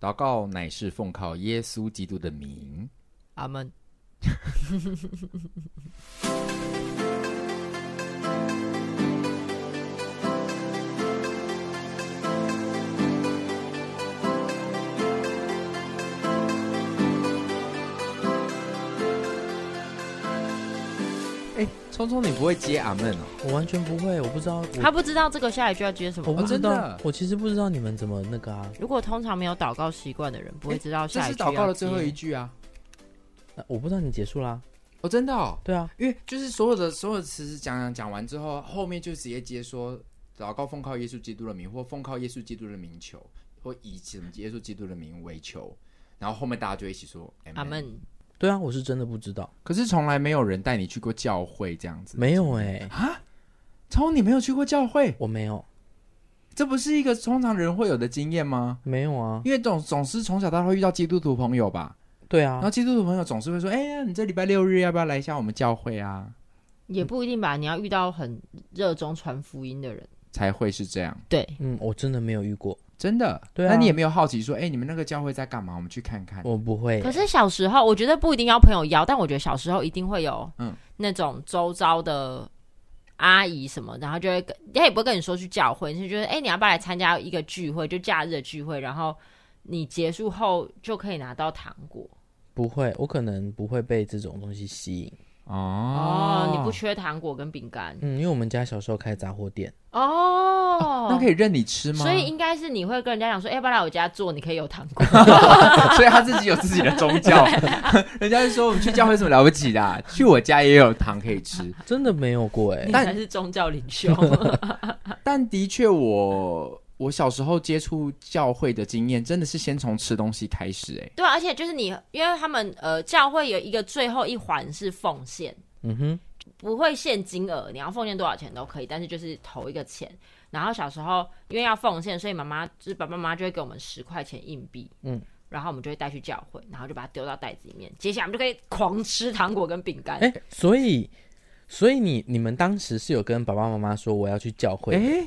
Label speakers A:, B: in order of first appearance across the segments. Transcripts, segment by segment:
A: 禱告乃是奉靠耶穌基督的名，
B: 阿門。
A: 聰聰，你不會接阿門哦！我完全不會，我不知道。他不知
B: 道這個下一句要接什麼嗎？我不知道、哦？真的，
A: 我其實不知道你們怎麼那個啊。
B: 如果通常沒有禱
A: 告習慣的人，不會知道下一句、欸。這是禱告的最後一句啊，啊！我不知道你結束啦。我、哦、真的、哦，對啊，因為就是所有的所有的詞講講完之後，後面就直接接說“禱告奉靠耶穌基督的名”或“奉靠耶穌基督的名求”或以什麼“耶穌基督的名”為求，然後後面大家就一起說、Amen “阿門”。對啊，我是真的不知道。可是從來沒有人帶你去過教會這樣子。沒有欸，啊，從你沒有去過教會？我沒有，這不是一個通常人會有的經驗嗎？沒有啊，因為總總是從小到大會遇到基督徒朋友吧？對啊，然後基督徒朋友總是會說：“哎呀，你這禮拜六日要不要來一下我們教會啊？”
B: 也不一定吧，你要遇到很熱衷傳福音的人
A: 才會是這樣。對，嗯，我真的沒有遇過。真的對。啊，那你也沒有好奇說，哎、欸，你們那個教會在幹嘛？我們去看看。我不會。可是
B: 小時候，我覺得不一定要朋友邀，但我覺得小時候一定會有，嗯，那種周遭的阿姨什麼、嗯，然後就會跟，他也不會跟你說去教會，你、就是覺得，哎、欸，你要不要來參加一個聚會？就假日的聚會，然後你結束後就可以拿到糖果。
A: 不會，我可能不會被這種東西吸引。哦，哦，你不缺
B: 糖果跟餅乾。嗯，
A: 因為我們家小時候開雜貨店。
B: 哦、啊，那可以任你吃嗎？所以應該是你會跟人家講說、欸：“要不要來我家做？你可以有糖果。 ” 所以他自己有自己的宗教。
A: 人家就說：“我們去教會是什麼了不起的、啊？ 去我家也有糖可以吃。”真的沒有過哎、欸，當然是宗教領袖。但， 但的確我。我小時候接觸教會的經驗，真的是先從吃東西開始哎、欸。
B: 對、啊，而且就是你，因為他們呃，教會有一個最後一環是奉獻，嗯哼，不會限金額，你要奉獻多少錢都可以，但是就是投一個錢。然後小時候因為要奉獻，所以媽媽就是爸爸媽媽就會給我們十塊錢硬幣，嗯，然後我們就會帶去教會，然後就把它丟到袋子裡面，接下來我們就可以狂吃糖果跟餅乾。哎、
A: 欸，所以，所以你你們當時是有跟爸爸媽媽說我要去教會？哎、欸。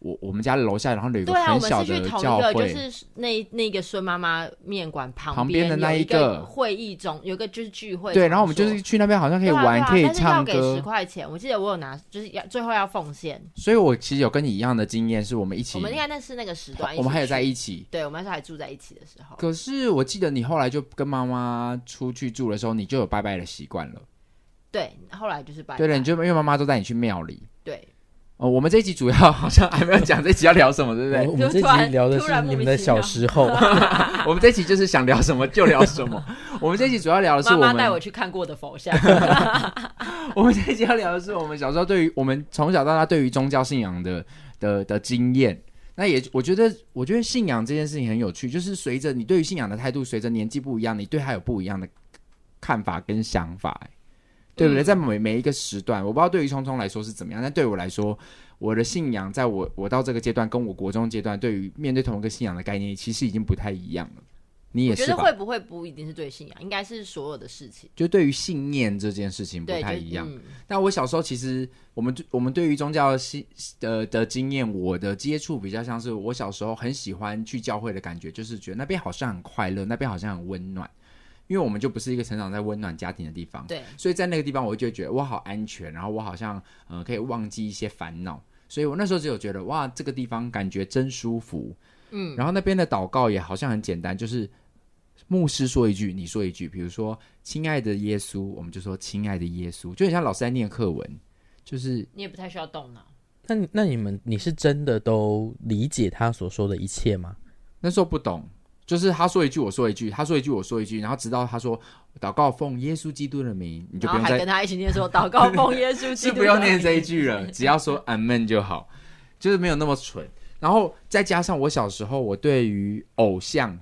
A: 我我們家的樓下，然後有一個很小的教會，啊、是一個教會，就是
B: 那那一個孫媽媽麵館旁邊，旁邊的那一個，一個會議中有個就是聚會。對，然後我們就
A: 是去那邊，好像可以玩，啊啊、可以唱歌。要給十塊
B: 錢，我記得我有拿，就是要最後要奉獻。
A: 所以我其實有跟你一樣的經驗，是我們一起。我們應
B: 該那是那個時段，我們還有
A: 在一起。
B: 對，我們還是還住在一起的
A: 時候。可是我記得你後來就跟媽媽出去住的時候，你就有拜拜的習慣了。
B: 對，後來就是拜、拜。對了，你
A: 就因為媽媽都帶你去廟裡。對。哦、呃，我們這一期主要好像還沒有講，這期要聊什麼， 對不對？就是、我們這期聊的是你們的小時候。 我們這一期就是想聊什麼就聊什麼。 我們這一期主要聊的是我媽帶我
B: 去看過的佛像。
A: 我們這期要聊的是我們小時候對於我們從小到大對於宗教信仰的的的經驗。那也我覺得，我覺得信仰這件事情很有趣，就是隨着你對於信仰的態度，隨着年紀不一樣，你對它有不一樣的看法跟想法。對不對？在每每一個時段，我不知道對於聰聰來說是怎麼樣，但對我來說，我的信仰在我我到這個階段，跟我國中階段對於面對同一個信仰的概念，其實已經不太一樣了。你也是覺得會
B: 不會不一定是對信仰，應該是所有的事情。
A: 就對於信念這件事情不太一樣。嗯、但我小時候其實我們我們對於宗教的的、呃、的經驗，我的接觸比較像是我小時候很喜歡去教會的感覺，就是覺得那邊好像很快樂，那邊好像很溫暖。因為我們就不是一個成長在溫暖家庭的地方，對，所以在那個地方我就會覺得我好安全，然後我好像呃可以忘記一些煩惱，所以我那時候只有覺得哇這個地方感覺真舒服，嗯，然後那邊的禱告也好像很簡單，就是牧師說一句，你說一句，比如說親愛的耶穌，我們就說親愛的耶穌，就很像老師在念課文，就是
B: 你也不太需要動腦。
A: 那你那你們你是真的都理解他所說的一切嗎？那時候不懂。就是他說一句我說一句，他說一句我說一句，然後直到他說禱告奉耶穌基督的名，你就不用再跟
B: 他一起念說禱告奉耶穌基督， 不用念這
A: 一句了， 只要說 Amen 就好，就是沒有那麼蠢。然後再加上我小時候，我對於偶像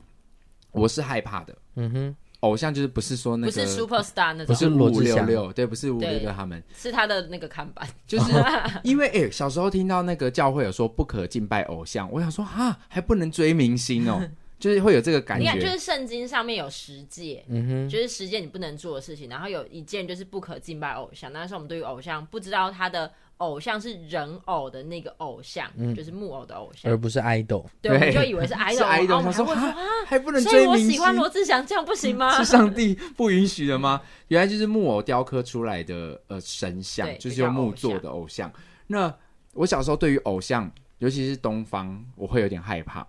A: 我是害怕的。嗯哼，偶像就是不是說那個不是 Super Star 那種，不是羅志祥，對，不是五六六。他們，
B: 是他的那個看板，就是
A: 因為、欸、小時候聽到那個教會有說不可敬拜偶像，我想說啊，還不能追明星哦、喔。 就是會有這個感覺，你看就是
B: 聖經上面有十誡。嗯哼，就是十件你不能做的事情。然後有一件就是不可敬拜偶像，那時候我們對於偶像不知道他的偶像是人偶的那個偶像，嗯、就是木偶的偶像，
A: 而不是愛豆。對，我們就以為是愛豆。是 idol，然後我們還會說啊，還不能追明星、啊、所以我喜歡羅志
B: 祥這樣不行嗎？是上帝
A: 不允許的嗎、嗯？原來就是木偶雕刻出來的呃神像，就是用木做的偶像。偶像，那我小時候對於偶像，尤其是東方，我會有點害怕。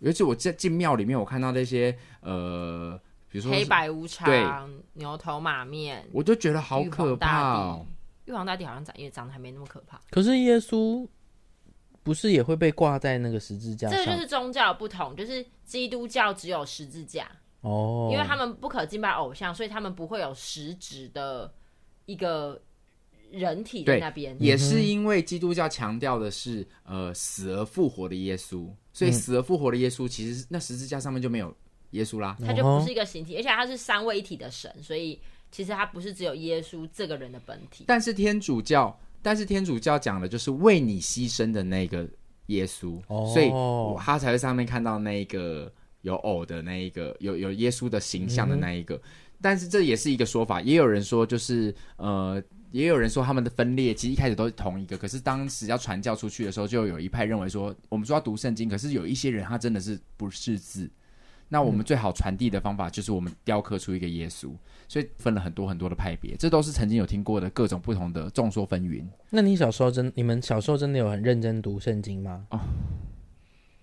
A: 尤其我在進廟裡面，我看到那些呃，黑白無常、
B: 牛頭馬面，我
A: 就覺得好可怕
B: 哦。玉皇大帝好像長也長得還沒那麼可怕。
A: 可是耶穌不是也會被掛在那個十字架？這個、就是
B: 宗教不同，就是基督教只有十字架
A: 哦，因為他們
B: 不可敬拜偶像，所以他們不會有十指的一個。人體在那邊也是，因
A: 為基督教強調的是、嗯、呃，死而復活的耶穌，所以死而復活的耶穌、嗯、其實那十字架上面就沒有耶穌啦，它就不是一個
B: 形體，而且它是三位一體的神，所以其實它不是只有耶穌這個人的本體。
A: 但是天主教，但是天主教講的就是為你犧牲的那個耶穌，所以他才會上面看到那個有偶的那一個有有耶穌的形象的那一個、嗯。但是這也是一個說法，也有人說就是呃。也有人說他們的分裂，其實一開始都是同一個。可是當時要傳教出去的時候，就有一派認為說，我們說要讀聖經，可是有一些人他真的是不識字，那我們最好傳遞的方法就是我們雕刻出一個耶穌，所以分了很多很多的派別。這都是曾經有聽過的各種不同的眾說紛紜。那你小時候真，你們小時候真的有很認真讀聖經嗎？哦。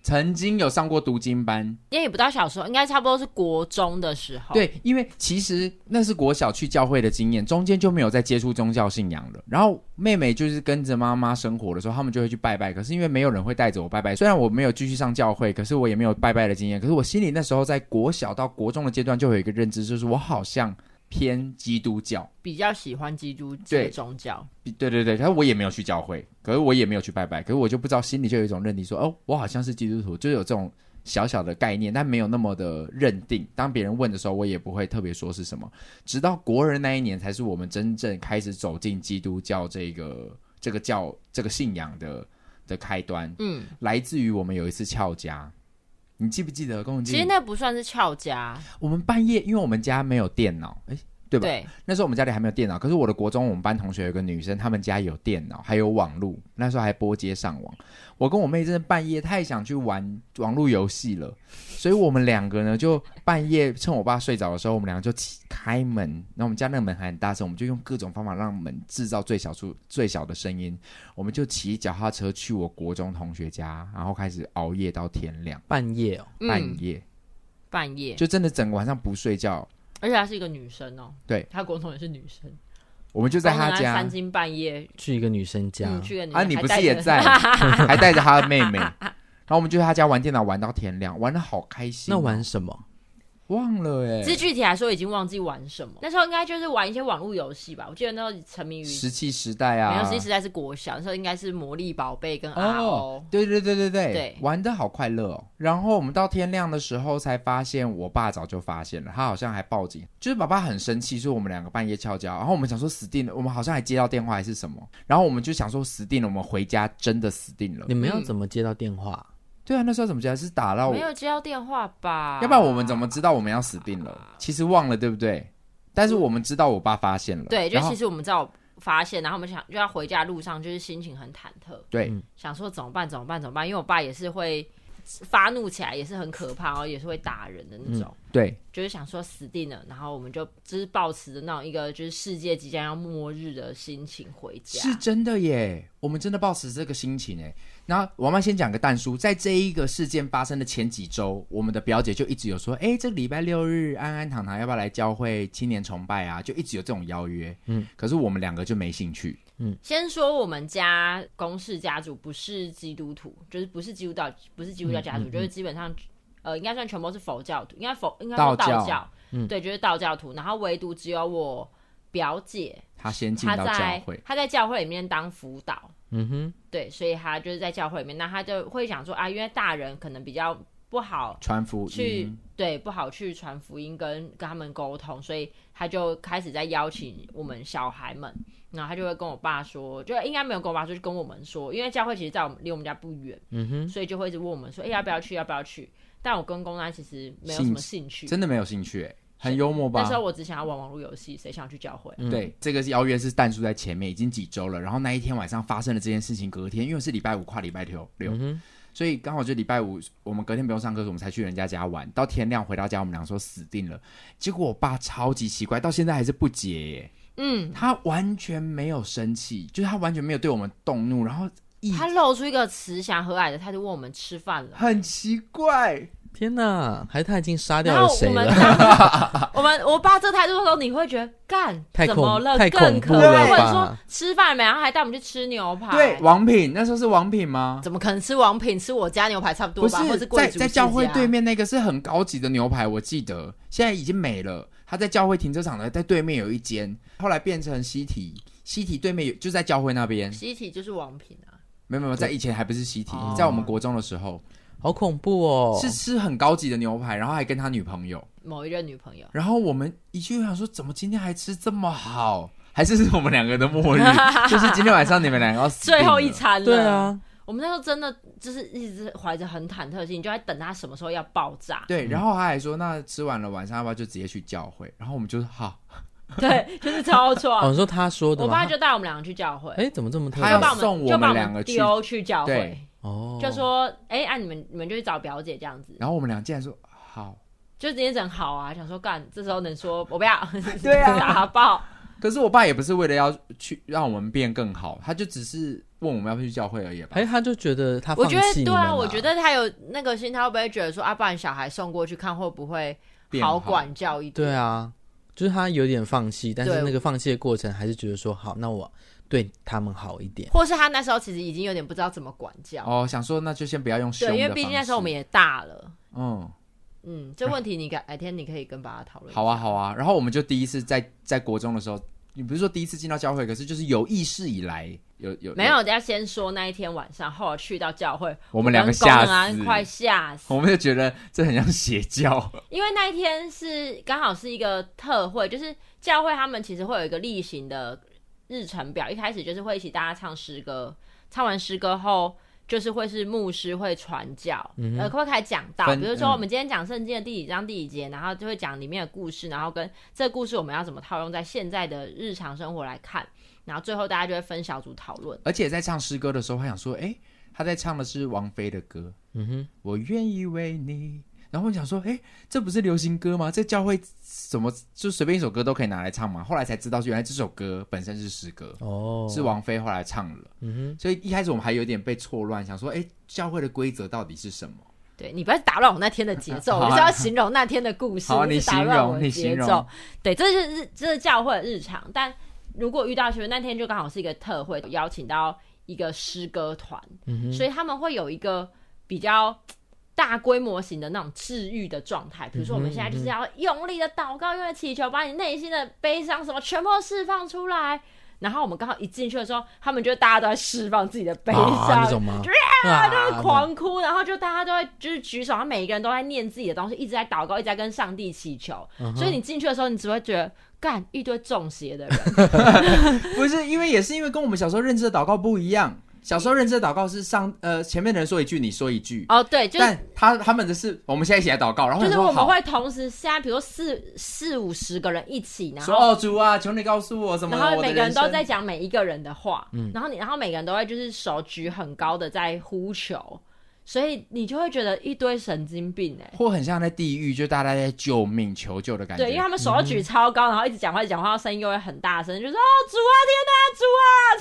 A: 曾經有上過讀經班，
B: 因為也不到小時候，應該差不多是國中的時候。對，
A: 因為其實那是國小去教會的經驗，中間就沒有再接觸宗教信仰了。然後妹妹就是跟着媽媽生活的時候，他們就會去拜拜，可是因為沒有人會帶着我拜拜，雖然我沒有繼續上教會，可是我也沒有拜拜的經驗。可是我心裡那時候在國小到國中的階段，就有一個認知，就是我好像。偏基督教，
B: 比較喜歡基督這種教。
A: 對對對，但我也沒有去教會，可是我也沒有去拜拜，可是我就不知道心裡就有一種認定說，哦，我好像是基督徒，就有這種小小的概念，但沒有那麼的認定。當別人問的時候，我也不會特別說是什麼。直到國人那一年，才是我們真正開始走進基督教這個這個教這個信仰的的開端。嗯，來自於我們有一次翹家。你記不記得共同？其實
B: 那不算是翹家。
A: 我們半夜，因為我們家沒有電腦，哎、欸。對不對？那時候我們家裡還沒有電腦，可是我的國中我們班同學有個女生，他們家有電腦，還有網絡。那時候還撥接上網。我跟我妹真的半夜太想去玩網絡遊戲了，所以我們兩個呢，就半夜趁我爸睡着的時候，我們兩個就起開門。那我們家那個門還很大聲，我們就用各種方法讓門製造最小數最小的聲音。我們就騎腳踏車去我國中同學家，然後開始熬夜到天亮。半夜哦，半夜，
B: 半夜，嗯，就
A: 真的整個晚上不睡覺。
B: 而且她是一個女生哦、喔，對，她國同也是女生，
A: 我們就在她家他三更半夜去一個女生家，嗯、去一個女生，啊，你不是也在， 還帶着她的妹妹，
B: 然
A: 後我們就在她家玩電腦玩到天亮，玩得好開心，那玩什麼？忘了哎、欸，這具
B: 體來說已經忘記玩什麼，那時候應該就是玩一些網路遊戲吧。我記得那時候沉迷於石
A: 器時代啊，石器時，時代
B: 是國小的時候，應該是魔力寶貝跟阿歐、哦。
A: 對對對對對，對玩的好快樂哦。然後我們到天亮的時候才發現，我爸早就發現了，他好像還報警，就是爸爸很生氣，說我們兩個半夜翹家。然後我們想說死定了，我們好像還接到電話還是什麼。然後我們就想說死定了，我們回家真的死定了。你們要怎麼接到電話？嗯對啊，那時候怎麼講是打到我？沒有
B: 接到電話吧？要不然我
A: 們怎麼知道我們要死定了、啊？其實忘了，對不對？但是我們知道我爸發現了。對，就其實
B: 我們知道我發現，然後我們想，就要回家路上，就是心情很忐忑，對，想說怎麼辦？怎麼辦？怎麼辦？因為我爸也是會發怒起來，也是很可怕哦，也是會打人的那種。嗯對，就是想說死定了，然後我們就就是抱持著那種一個就是世界即將要末日的心情回家。是
A: 真的耶，我們真的抱持這個心情哎。那我們先講個但書，在這一個事件發生的前幾週，我們的表姐就一直有說，哎、欸，這個禮拜六日安安堂堂要不要來教會青年崇拜啊？就一直有這種邀約。嗯，可是我們兩個就沒興趣。
B: 嗯，先說我們家宮氏家族不是基督徒，就是不是基督教，不是基督教家族，嗯嗯嗯，就是基本上。呃，應該算全部是佛教徒，應該佛應該道道教，嗯，對，嗯，就是道教徒。然後唯獨只有我表姐，
A: 他先進到教會。他在，他
B: 在教會裡面當輔導，嗯
A: 哼，
B: 對，所以他就是在教會裡面，那他就會想說啊，因為大人可能比較不好
A: 傳福音，
B: 對，不好去傳福音跟跟他們溝通，所以他就開始在邀請我們小孩們，然後他就會跟我爸說，就應該沒有跟我爸說，就跟我們說，因為教會其實在我們離我們家不遠，嗯哼，所以就會一直問我們說，哎、欸，要不要去，要不要去？但我跟公安其實沒有什麼興趣，真的沒
A: 有興趣、欸，很幽默吧？那時候我
B: 只想要玩網絡遊戲，誰想去教會、嗯？對，
A: 這個是邀約是淡叔在前面，已經幾週了。然後那一天晚上發生了這件事情，隔天因為是禮拜五跨禮拜六，嗯、所以剛好就禮拜五，我們隔天不用上課，我們才去人家家玩。到天亮回到家，我們倆說死定了。結果我爸超級奇怪，到現在還是不解、欸，耶，嗯，他完全沒有生氣，就是他完全沒有對我們動怒，然後。
B: 他露出一個慈祥和藹的態度，問我們吃飯了，很
A: 奇怪。天哪，還是他已經殺掉誰了，了？
B: 我們， 我，們我爸這態度的時候，你會覺得幹，太可怖了，太恐怖了更可。或者說吃飯沒有，然後還帶我們去吃牛排。對，
A: 王品那時候是王品嗎？怎麼可能
B: 吃王品？吃我家牛排差不多吧？不是，是在在教會對
A: 面那個是很高級的牛排，我記得現在已經沒了。他在教會停車場的，在對面有一間，後來變成西體，西體對面有就在教會那邊。
B: 西體就是王品啊。
A: 沒沒有，在以前還不是習題，在我們國中的時候、哦，好恐怖哦！是吃很高級的牛排，然後還跟他女朋友
B: 某一任女朋友。
A: 然後我們一句話說，怎麼今天還吃這麼好？還是,是我們兩個的末日？ 就是今天晚上你們兩個最後一餐了。對啊，
B: 我們那時候真的就是一直懷着很忐忑的心，就在等他什麼時候要爆炸。對，然後
A: 他還,還說，那吃完了晚上要不要就直接去教會？然後我們就說好。
B: 對，就是超錯。我、哦、
A: 他說的，我爸就帶
B: 我們兩個去教會。哎，怎麼這麼？他要把我們，就我們兩個去我們丟去教會。
A: 哦，就說，
B: 哎、啊，你們你們就去找表姐這樣子。
A: 然後我們倆竟然說好，
B: 就直接整好啊！想說幹，這時候能說我不要？ 對啊，打爆。
A: 可是我爸也不是為了要去讓我們變更好，他就只是問我們要不要去教會而已吧。哎，他就覺得他、啊，我覺得對啊，我覺
B: 得他有那個心，他會不會覺得說，啊，不然小孩送過去看會不會好管教一點？對啊。
A: 就是他有點放棄，但是那個放棄的過程，還是覺得說好，那我對他們好一點，或
B: 是他那時候其實已經有點不知道怎麼管教
A: 哦，想說那就先不要用兇，對，因為畢竟那時候我
B: 們也大了，
A: 嗯
B: 嗯，這問題你改天、啊、你可以跟爸爸討論，好啊
A: 好啊，然後我們就第一次在在國中的時候，你不是說第一次進到教會，可是就是有意識以來。有有沒有？
B: 要先說那一天晚上，後來去到教會，我們兩個嚇死，快嚇死！
A: 我們就覺得這很像邪教，
B: 因為那一天是剛好是一個特會，就是教會他們其實會有一個例行的日程表，一開始就是會一起大家唱詩歌，唱完詩歌後就是會是牧師會傳教，嗯、呃，會開始講道，比如說我們今天講聖經的第幾章第幾節，然後就會講裡面的故事，然後跟這個故事我們要怎麼套用在現在的日常生活來看。然後最後大家就會分小組討論，
A: 而且在唱詩歌的時候，他想說：“哎，他在唱的是王菲的歌。”嗯哼，“我願意為你。”然後我想說：“哎，這不是流行歌嗎？這教會怎麼就隨便一首歌都可以拿來唱嗎？”後來才知道，原來這首歌本身是詩歌哦，是王菲後來唱了。嗯哼，所以一開始我們還有點被錯亂，想說：“哎，教會的規則到底是什麼？”
B: 對，你不要打亂我那天的節奏，啊啊、我是要形容那天的故事，你、啊啊、是打亂我的節奏。對，這是日，這是教會的日常，但。如果遇到就那天就剛好是一個特會，邀請到一個詩歌團、嗯，所以他們會有一個比較大規模型的那種治癒的狀態。比如說我們現在就是要用力的禱告，用、嗯、力祈求，把你內心的悲傷什麼全部釋放出來。然後我們剛好一進去的時候，他們就大家都在釋放自己的悲傷、啊，就啊，啊，就是、狂哭、啊，然後就大家都在就是舉手，他每一個人都在念自己的東西，一直在禱告，一直在跟上帝
A: 祈求。嗯、所以你
B: 進去的時候，你只會覺得。幹，一堆中邪的
A: 人， 不是因為也是因為跟我們小時候認知的禱告不一樣。小時候認知的禱告是上呃，前面的人說一句，你說一句哦、oh,
B: 對就，但他他
A: 們的是我們現在一起禱告，然後就是我們會
B: 同時現在比如四四五十個人一起，然後說哦主
A: 啊，求你告訴我什麼的，然後每個人都在
B: 講每一個人的話，嗯、然後你然後每個人都會就是手舉很高的在呼求。所以你就會覺得一堆神經病哎、欸，
A: 或很像在地獄，就大家在救命求救的感覺。對，因為他們
B: 手舉超高、嗯，然後一直講話，講話，聲音又會很大聲，就說哦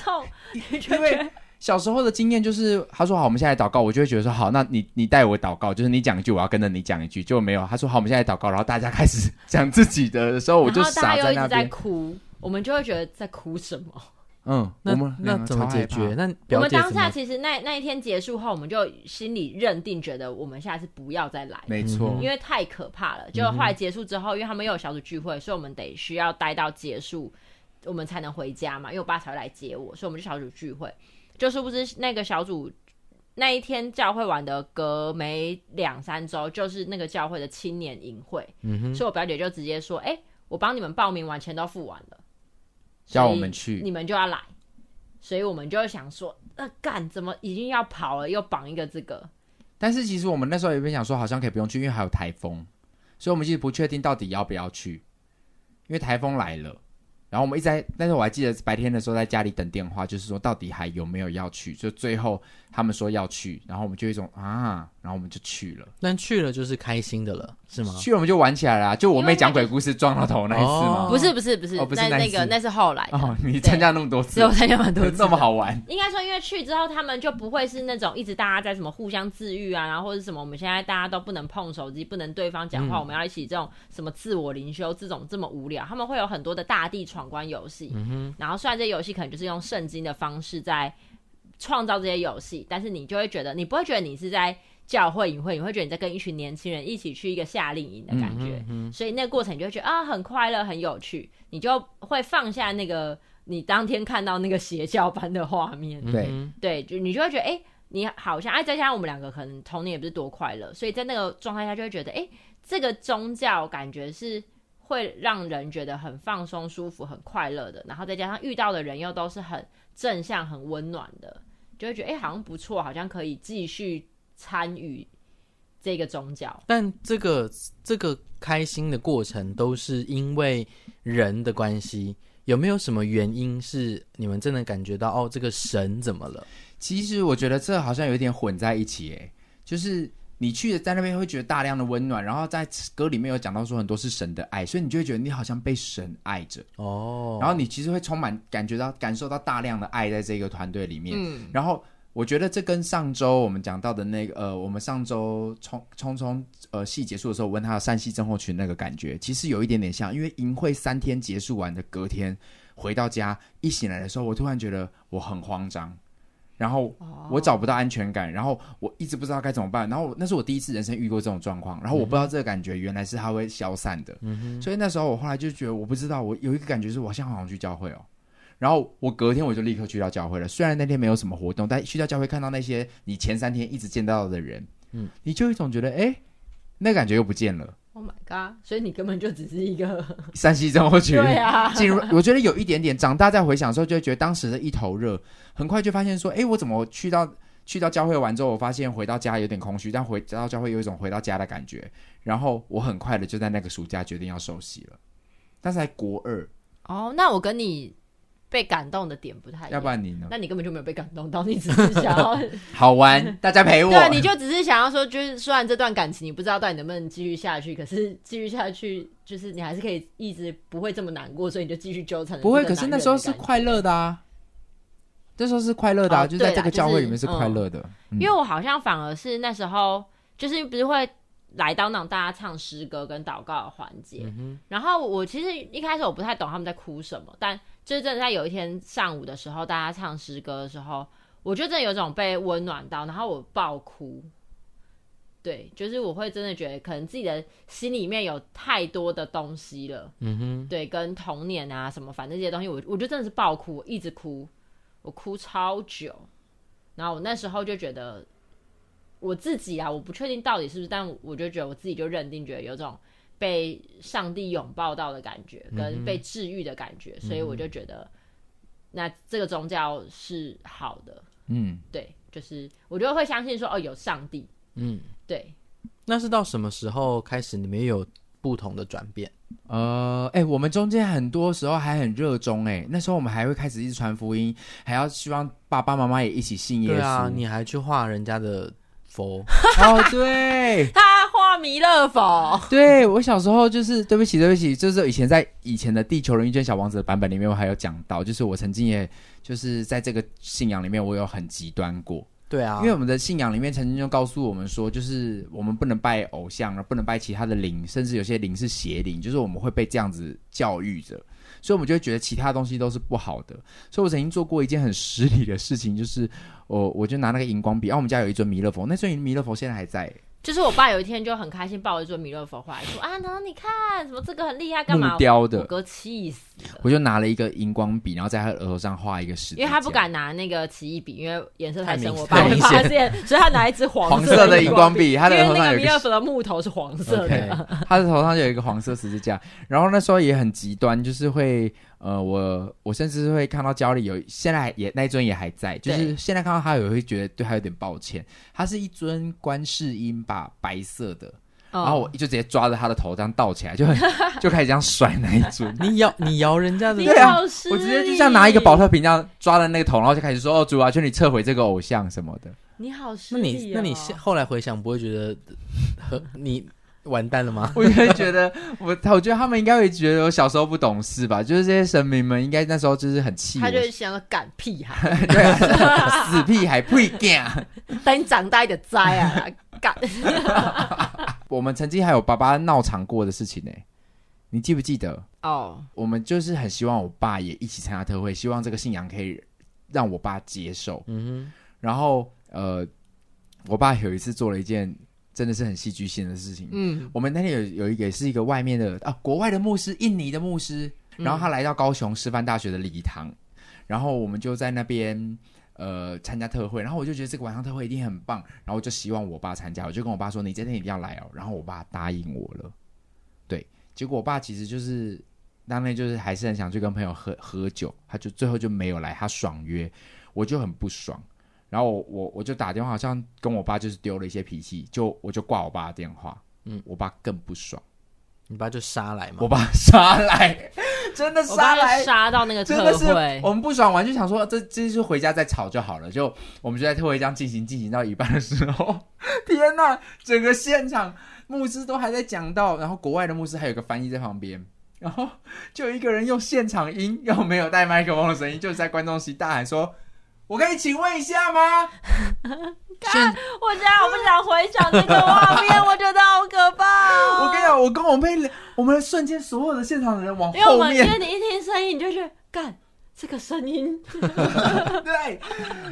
B: 主啊天哪主啊。因為
A: 小時候的經驗就是，他說好，我們現在禱告，我就會覺得說好，那你你帶我禱告，就是你講一句，我要跟着你講一句，就沒有。他說好，我們現在禱告，然後大家開始講自己的時候，我就傻在那邊又一直在
B: 哭。我們就會覺得在哭什麼？
A: 嗯，那那怎麼解決？那表姐我們當下其
B: 實，那那一天結束後，我們就心裡認定，覺得我們下次不要再來，沒、嗯、錯，因為太可怕了。就後來結束之後，因為他們又有小組聚會、嗯，所以我們得需要待到結束，我們才能回家嘛。因為我爸才會來接我，所以我們就小組聚會。就是不是那個小組那一天教會完的，隔沒兩三週，就是那個教會的青年營會。嗯哼，所以我表姐就直接說：“哎、欸，我幫你們報名完，錢都付完了。”叫我們去，你們就要來，所以我們就想說，呃、啊，幹怎麼已經要跑了，又綁一個這個？
A: 但是其實我們那時候也想說，好像可以不用去，因為還有台風，所以我們其實不確定到底要不要去，因為台風來了。然後我們一直在，但是我還記得白天的時候在家裡等電話，就是說到底還有沒有要去？就最後他們說要去，然後我們就一種啊。然後我們就去了，但去了就是開心的了，是嗎？去了我們就玩起來了、啊，就我妹就講鬼故事撞到頭那一次嗎、哦？不是不是不是，哦、不是那是那，那個，那是後來哦。你參加那麼多次，對我參加蠻多次， 那麼好玩。
B: 應該說，因為去之後他們就不會是那種一直大家在什麼互相治癒啊，然後或者什麼。我們現在大家都不能碰手機，不能對方講話，嗯、我們要一起這種什麼自我靈修，這種，這種這麼無聊。他們會有很多的大地闖關遊戲，嗯、哼、然後雖然這遊戲可能就是用聖經的方式在創造這些遊戲，但是你就會覺得，你不會覺得你是在。教會營會，你會覺得你在跟一群年輕人一起去一個夏令營的感覺，嗯、哼哼，所以那個過程你就會覺得啊很快樂，很有趣，你就會放下那個你當天看到那個邪教般的畫面，對、嗯、對，就你就會覺得哎、欸，你好像哎，再加上我們兩個可能童年也不是多快樂，所以在那個狀態下就會覺得哎、欸，這個宗教感覺是會讓人覺得很放鬆、舒服、很快樂的，然後再加上遇到的人又都是很正向、很溫暖的，就會覺得哎、欸，好像不錯，好像可以繼續。參與這個宗教，
A: 但這個這個開心的過程都是因為人的關係。有沒有什麼原因是你們真的感覺到哦，這個神怎麼了？其實我覺得這好像有點混在一起誒。就是你去的在那邊會覺得大量的溫暖，然後在歌裡面有講到說很多是神的愛，所以你就會覺得你好像被神愛着哦。然後你其實會充滿感覺到感受到大量的愛在這個團隊裡面，嗯，然後。我覺得這跟上周我們講到的那個，呃，我們上周匆匆衝，衝，呃，戲結束的時候我問他的散戲症候群那個感覺，其實有一點點像，因為營會三天結束完的隔天回到家，一醒來的時候，我突然覺得我很慌張，然後我找不到安全感。哦，然後我一直不知道該怎麼辦，然後那是我第一次人生遇過這種狀況，然後我不知道這個感覺、嗯、原來是它會消散的、嗯，所以那時候我後來就覺得我不知道，我有一個感覺是，我好像好像去教會哦。然後我隔天我就立刻去到教會了。雖然那天沒有什麼活動，但去到教會看到那些你前三天一直見到的人，嗯，你就一種覺得，哎，那感覺又不見了。
B: Oh my god！所以你根本就只是一個
A: 三西鐘，學、啊。進入，我覺得有一點點長大再回想的時候，就會覺得當時的一頭熱，很快就發現說，哎，我怎麼去到去到教會完之後，我發現回到家有點空虛，但回到教會有一種回到家的感覺。然後我很快的就在那個暑假決定要受洗了，但是在國二。
B: 哦、oh，那我跟你。被感動的點不太一樣，要不然你呢？那你根本就沒有被感動到，你只是想
A: 要 好玩， 大家陪我。對，你就
B: 只是想要說，就是雖然這段感情你不知道到底能不能繼續下去，可是繼續下去就是你還是可以一直不會這麼難過，所以你就繼續糾纏。不會，可是那時
A: 候是快樂的啊，這時候是快樂的啊，就在這個教會裡面是快樂的，啊就
B: 是嗯。因為我好像反而是那時候就是不是會來當當大家唱詩歌跟禱告的環節，嗯，然後我其實一開始我不太懂他們在哭什麼，但。就是真的，在有一天上午的時候，大家唱詩歌的時候，我就真的有種被溫暖到，然後我爆哭。對，就是我會真的覺得，可能自己的心裡面有太多的東西了。嗯哼，對，跟童年啊什麼，反正這些東西，我就我就真的是爆哭，一直哭，我哭超久。然後我那時候就覺得，我自己啊，我不確定到底是不是，但我就覺得我自己就認定，覺得有種，被上帝擁抱到的感覺，跟被治癒的感覺，嗯、所以我就覺得、嗯、那這個宗教是好的。嗯，對，就是我就會相信說，哦，有上帝。嗯，對。
A: 那是到什麼時候開始你們有不同的轉變？呃，哎、欸，我們中間很多時候還很熱衷、欸，哎，那時候我們還會開始一直傳福音，還要希望爸爸媽媽也一起信耶穌、啊。你還去畫人家的佛？哦、 oh,，對。 彌勒佛，對我小時候就是對不起，對不起，就是以前在以前的《地球人遇見小王子》的版本裡面，我還有講到，就是我曾經也就是在這個信仰裡面，我有很極端過。對啊，因為我們的信仰裡面曾經就告訴我們說，就是我們不能拜偶像，不能拜其他的靈，甚至有些靈是邪靈，就是我們會被這樣子教育着，所以我們就會覺得其他東西都是不好的。所以我曾經做過一件很失禮的事情，就是我、哦、我就拿那個熒光筆，然、啊、後我們家有一尊彌勒佛，那尊彌勒佛現在還在。
B: 就是我爸有一天就很開心抱了一尊彌勒佛回來，說：“阿能，你看，怎麼這個很厲害？幹嘛？”我哥氣死。
A: 我就拿了一個熒光筆然後在他的額頭上畫一個十字架，因
B: 為他不敢拿那個奇異筆，因為顏色太深，我怕他發現，所以他拿一支黃色的熒光筆，他的頭上有一個木頭是黃色的，黃色的
A: Okay, 他的頭上有一個黃色十字架。然後那時候也很極端，就是會呃，我我甚至會看到家裡有，現在也那一尊也還在，就是現在看到他有，也會覺得對他有點抱歉。他是一尊觀世音吧，白色的。Oh. 然後我就直接抓着他的頭這樣倒起來，就很就開始這樣甩那一組。 你搖你搖人家的、啊，我直接就像拿一個寶特瓶這樣抓着那個頭，然後就開始說：“哦，主啊，勸你撤回這個偶像什麼的。”你好是、哦、那你那你後來回想，不會覺得你完蛋了嗎？ 我就會覺得，覺得我，我覺得他們應該會覺得我小時候不懂事吧。就是這些神明們應該那時候就是很氣，他就
B: 想要趕屁孩
A: 對、啊， 死屁孩不會趕，
B: 等 你長大一點栽啊，趕
A: 我們曾經還有爸爸鬧場過的事情呢，你記不記得？哦、oh.，我們就是很希望我爸也一起參加特會，希望這個信仰可以讓我爸接受。嗯哼，然後呃，我爸有一次做了一件真的是很戲劇性的事情。嗯、mm -hmm.，我們那天有有一個也是一個外面的啊，國外的牧師，印尼的牧師，然後他來到高雄師範大學的禮堂，然後我們就在那邊。呃，參加特會，然後我就覺得這個晚上特會一定很棒，然後我就希望我爸參加，我就跟我爸說：“你今天一定要來哦。”然後我爸答應我了。對，結果我爸其實就是當天就是還是很想去跟朋友喝喝酒，他就最後就沒有來，他爽約，我就很不爽。然後我我我就打電話，好像跟我爸就是丟了一些脾氣，就我就掛我爸的電話，嗯，我爸更不爽。你爸就殺來嗎？我爸殺來，真的殺來，殺到那個特會，我們不爽玩就想說，這這、就是回家再吵就好了。就我們就在特會這進行，進行到一半的時候，天哪、啊！整個現場牧師都還在講道，然後國外的牧師還有個翻譯在旁邊，然後就一個人用現場音，又沒有帶麥克風的聲音，就在觀眾席大喊說。我可以請問一下嗎？看，我
B: 現在我不想回想這個畫面， 我覺得好可怕哦。我跟你講，
A: 我跟我妹，我們的瞬間所有的現場的人往後面，因為我們，
B: 因為你一聽聲音你就去干這個聲音，
A: 對，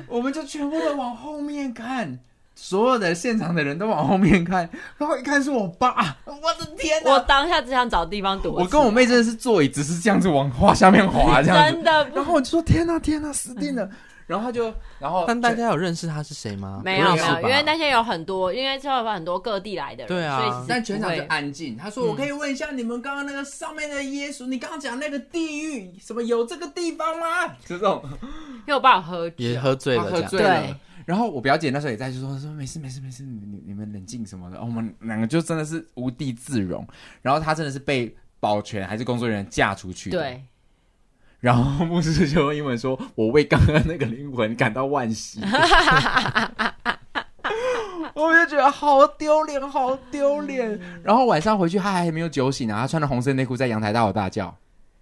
A: 我們就全部都往後面看，所有的現場的人都往後面看，然後一看是我爸，我的天啊！我當下只想找地方躲。我跟我妹真的是坐椅只是這樣子往畫下面滑這樣，真的。然後我就說：天啊，天啊，死定了！嗯然後他就，然後但大家有認識他是誰嗎？沒有，沒有因為那些
B: 有很多，因為教會有很多各地來的人。對啊所以，但全場就安靜。他說：“我可以問一下你們
A: 剛剛那個上面的耶穌，嗯，你剛剛講那個地獄，什麼有這個地方嗎？”就這種，因為我爸喝也喝醉了這樣，喝醉了對。然後我表姐那時候也在，就說說沒事沒事沒事，你你們冷靜什麼的。我們兩個就真的是無地自容。然後他真的是被保全，還是工作人員架出去？對。然後牧師就用英文說：“我為剛剛那個靈魂感到惋惜。 ”我就覺得好丟臉，好丟臉、嗯。然後晚上回去，他還沒有酒醒呢、啊，他穿着紅色內褲在陽台大吼大叫。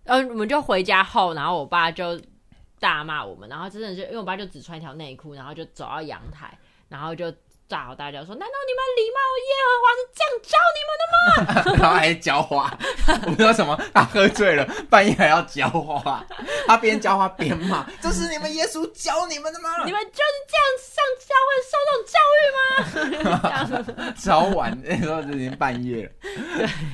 B: 呃，我們就回家後，然後我爸就大罵我們，然後真的是，因為我爸就只穿一條內褲，然後就走到陽台，然後就。炸，
A: 吼大家說：“難
B: 道你們禮貌耶和華是這樣教你們的嗎？”
A: 然後還澆花， 我不知道什麼，他喝醉了， 半夜還要澆花，他邊澆花邊罵：“
B: 這是你們耶穌教你們的嗎？你們就是這樣上教會受這種教育嗎？”
A: 早晚那時候就已經半夜了。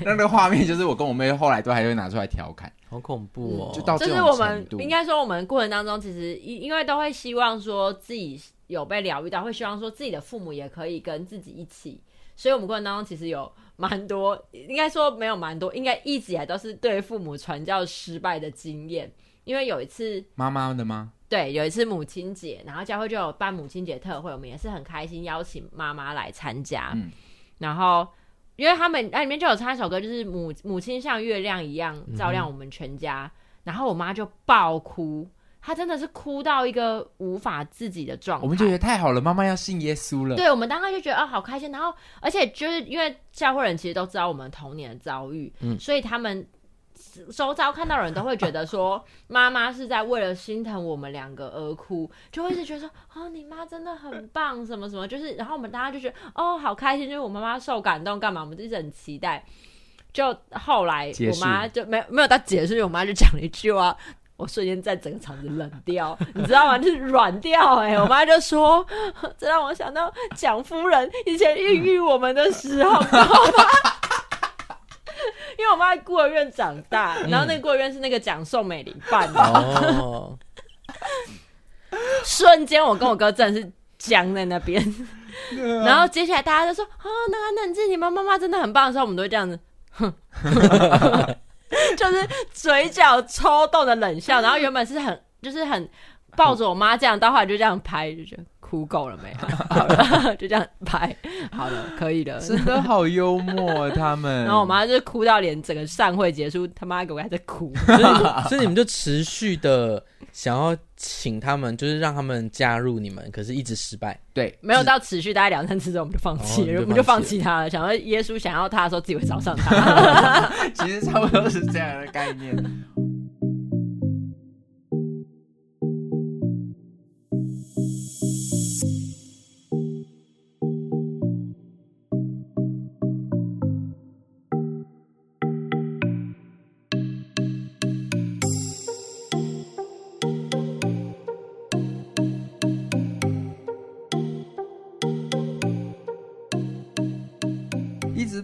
A: 對，那個畫面就是我跟我妹後來都還會拿出來調侃，好恐怖哦！就到這、就是我們應
B: 該說我們過程當中，其實因因為都會希望說自己。有被療癒到，會希望說自己的父母也可以跟自己一起，所以我們過程當中其實有蠻多，應該說沒有蠻多，應該一直以來都是對父母傳教失敗的經驗，因為有一次
A: 媽媽的嗎？
B: 對，有一次母親節，然後教會就有辦母親節特會，我們也是很開心邀請媽媽來參加，嗯、然後因為他們那、啊、裡面就有唱一首歌，就是母母親像月亮一樣照亮我們全家，嗯、然後我媽就爆哭。他真的是哭到一個無法自己的狀態，我們就
A: 覺得太好了，媽媽要信耶穌了。對，
B: 我們當時就覺得啊、哦，好開心。然後，而且就是因為教會人其實都知道我們童年的遭遇，嗯，所以他們週遭看到人都會覺得說，媽媽是在為了心疼我們兩個而哭，啊、就會一直覺得說， 哦，你媽真的很棒，什麼什麼，就是。然後我們大家就覺得，哦，好開心，就是我媽媽受感動，幹嘛？我們就一直很期待。就後來我媽就沒沒有他解釋，我媽就講了一句話。我瞬間在整個場子冷掉，你知道嗎？就是軟掉哎、欸！我媽就說，這讓我想到蔣夫人以前孕育我們的時候，嗯、好好 因為我媽在孤兒院長大，然後那個孤兒院是那個蔣宋美齡辦的。嗯、 瞬間，我跟我哥真的是僵在那邊、嗯。然後接下來大家就說：“啊、哦，那那你，自己你媽，媽媽真的很棒。”的時候，我們都會這樣子，哼。 就是嘴角抽動的冷笑，然後原本是很就是很抱着我媽這樣，到後來就這樣拍，就覺得哭夠了沒？好了， 就這樣拍
A: 好了，可以的。真的好幽默啊，他們。 然後我
B: 媽就哭到連整個散會結束，他媽給我還在哭。
A: 所以你們就持續的，想要請他們，就是讓他們加入你們，可是一直失敗。對，
B: 沒有到持續大概兩三次之後我、哦，我們就放棄，我們就放棄他了。想說耶穌想要他的時候，自己會找上他。 其實
A: 差不多是這樣的概念。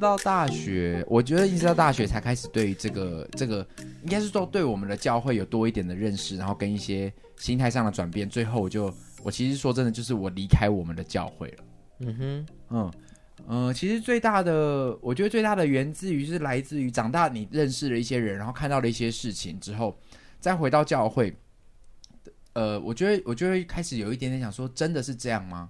A: 到大學，我覺得一直到大學才開始對這個這個，應該是說對我們的教會有多一點的認識，然後跟一些心態上的轉變。最後，我就我其實說真的，就是我離開我們的教會了。Mm-hmm. 嗯哼，嗯、呃、嗯，其實最大的，我覺得最大的源自於是來自於長大，你認識了一些人，然後看到了一些事情之後，再回到教會，呃，我覺得我就會開始有一點點想說，真的是這樣嗎？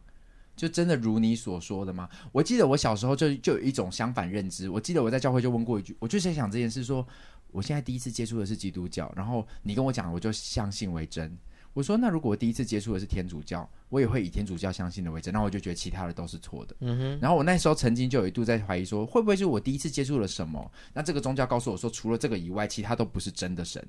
A: 就真的如你所說的嗎？我記得我小時候就就有一種相反認知。我記得我在教會就問過一句，我就在想這件事說：說我現在第一次接觸的是基督教，然後你跟我講，我就相信為真。我說那如果我第一次接觸的是天主教，我也會以天主教相信的為真。那我就覺得其他的都是錯的。嗯哼。然後我那時候曾經就有一度在懷疑說，會不會是我第一次接觸了什麼？那這個宗教告訴我說，除了這個以外，其他都不是真的神。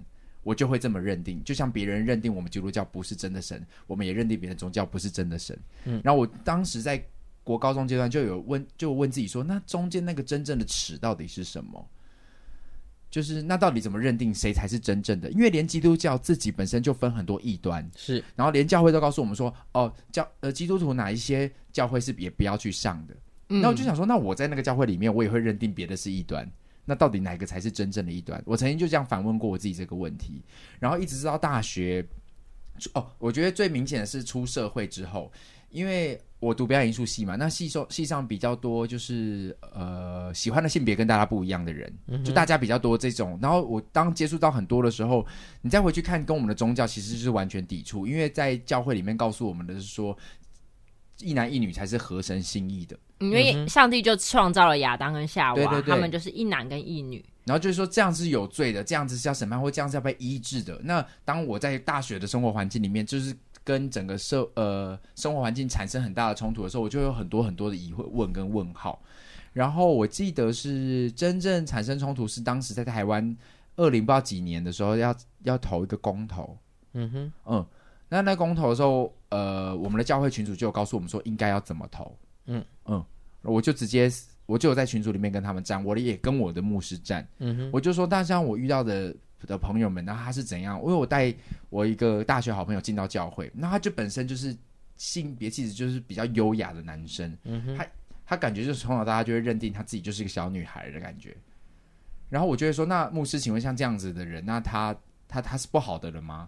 A: 我就會這麼認定，就像別人認定我們基督教不是真的神，我們也認定別的宗教不是真的神。嗯，然後我當時在國高中階段就有問，就問自己說：那中間那個真正的尺到底是什麼？就是那到底怎麼認定誰才是真正的？因為連基督教自己本身就分很多異端，是，然後連教會都告訴我們說：哦，教呃基督徒哪一些教會是也不要去上的。嗯，那我就想說：那我在那個教會裡面，我也會認定別的是異端。那到底哪個才是真正的一端？我曾經就這樣反問過我自己這個問題，然後一直到大學，哦，我覺得最明顯的是出社會之後，因為我讀表演藝術系嘛，那系，系上比較多就是呃喜歡的性別跟大家不一樣的人，嗯，就大家比較多這種。然後我當接觸到很多的時候，你再回去看，跟我們的宗教其實就是完全抵觸，因為在教會裡面告訴我們的是說。一男一女才是合神心意的，
B: 因、嗯、為上帝就創造了亞當跟夏娃，對對對，他們就是一男跟一女。
A: 然後就是說這樣是有罪的，這樣子是要審判，或這樣子是要被醫治的。那當我在大學的生活環境裡面，就是跟整個社呃生活環境產生很大的衝突的時候，我就有很多很多的疑問跟問號。然後我記得是真正產生衝突是當時在台灣二零不知道幾年的時候要，要要投一個公投。嗯哼，嗯。那在公投的時候，呃，我們的教會群組，就有告訴我們說應該要怎麼投。嗯嗯，我就直接我就我在群組裡面跟他們站，我也跟我的牧師站。嗯哼，我就說，那像我遇到的的朋友們，那他是怎樣？因為我有帶我一個大學好朋友進到教會，那他就本身就是性別氣質就是比較優雅的男生。嗯哼，他他感覺就是從小到大就會認定他自己就是一個小女孩的感覺。然後我就會說，那牧師，請問像這樣子的人，那他他他，他是不好的人嗎？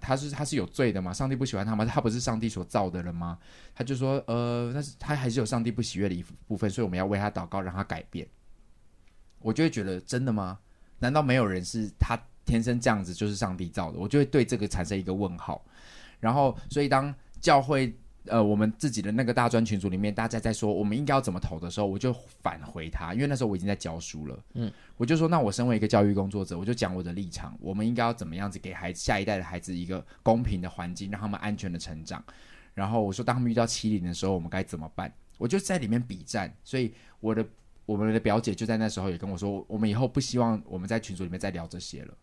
A: 他是他是有罪的嘛？上帝不喜歡他嗎？他不是上帝所造的人嗎？他就說，呃，但是他還是有上帝不喜悅的一部分，所以我們要為他禱告，讓他改變。我就會覺得，真的嗎？難道沒有人是他天生這樣子就是上帝造的？我就會對這個產生一個問號。然後，所以當教會。呃，我們自己的那個大專群組裡面，大家在說我們應該要怎麼投的時候，我就返回他，因為那時候我已經在教書了。嗯，我就說，那我身為一個教育工作者，我就講我的立場，我們應該要怎麼樣子給孩子下一代的孩子一個公平的環境，讓他們安全的成長。然後我說，當他們遇到欺凌的時候，我們該怎麼辦？我就在裡面筆戰，所以我的我們的表姐就在那時候也跟我說，我們以後不希望我們在群組裡面再聊這些了。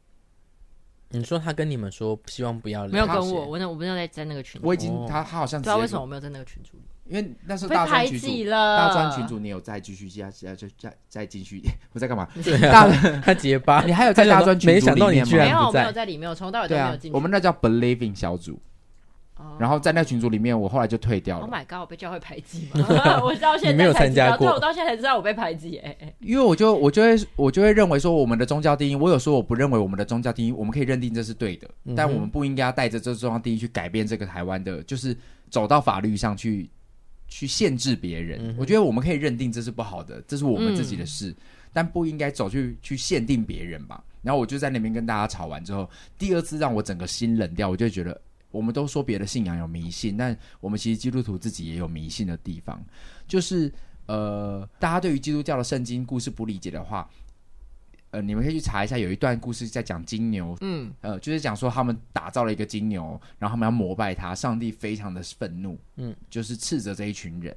A: 你說他跟你們說希望不要離開，沒有跟我，
B: 我那我不知道在在那個群，我已經他他好像不知道為什麼我沒有在那個群組，他他好像為在群組因為那是被排擠了。大專群
A: 組你有再繼續加加加再再繼續我在幹嘛？對啊、大他結巴，你還有在大專群組？想沒想到你還沒有沒有在裡面，我從到底都沒有進、啊。我們那叫 Believing 小組。然後在那群組裡面，我後來就退掉了。Oh
B: my god！我被教會排擠， 我到現在知道 沒有參加過。我到現在才知道我被排擠，欸，哎，
A: 因為我就我就會我就會認為說，我們的宗教定義，我有時候我不認為我們的宗教定義，我們可以認定這是對的，嗯、但我們不應該帶着這宗教定義去改變這個台灣的，就是走到法律上去去限制別人、嗯。我覺得我們可以認定這是不好的，這是我們自己的事，嗯、但不應該走去去限定別人吧。然後我就在那邊跟大家吵完之後，第二次讓我整個心冷掉，我就覺得。我們都說別的信仰有迷信，但我們其實基督徒自己也有迷信的地方。就是呃，大家對於基督教的聖經故事不理解的話，呃，你們可以去查一下，有一段故事在講金牛，嗯，呃，就是講說他們打造了一個金牛，然後他們要膜拜他，上帝非常的憤怒，嗯，就是斥責這一群人，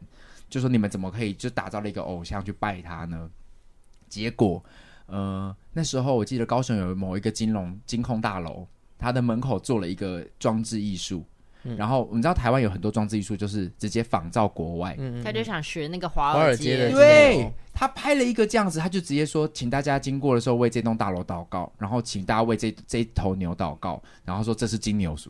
A: 就說你們怎麼可以就打造了一個偶像去拜他呢？結果，呃，那時候我記得高雄有某一個金龍金控大樓。他的門口做了一個裝置藝術，嗯，然後你知道台灣有很多裝置藝術，就是直接仿照國外。
B: 他就想學那個華爾街的，對
A: 他拍了一個這樣子，他就直接說，請大家經過的時候為這棟大樓禱告，然後請大家為這這一頭牛禱告，然後說這是金牛屬。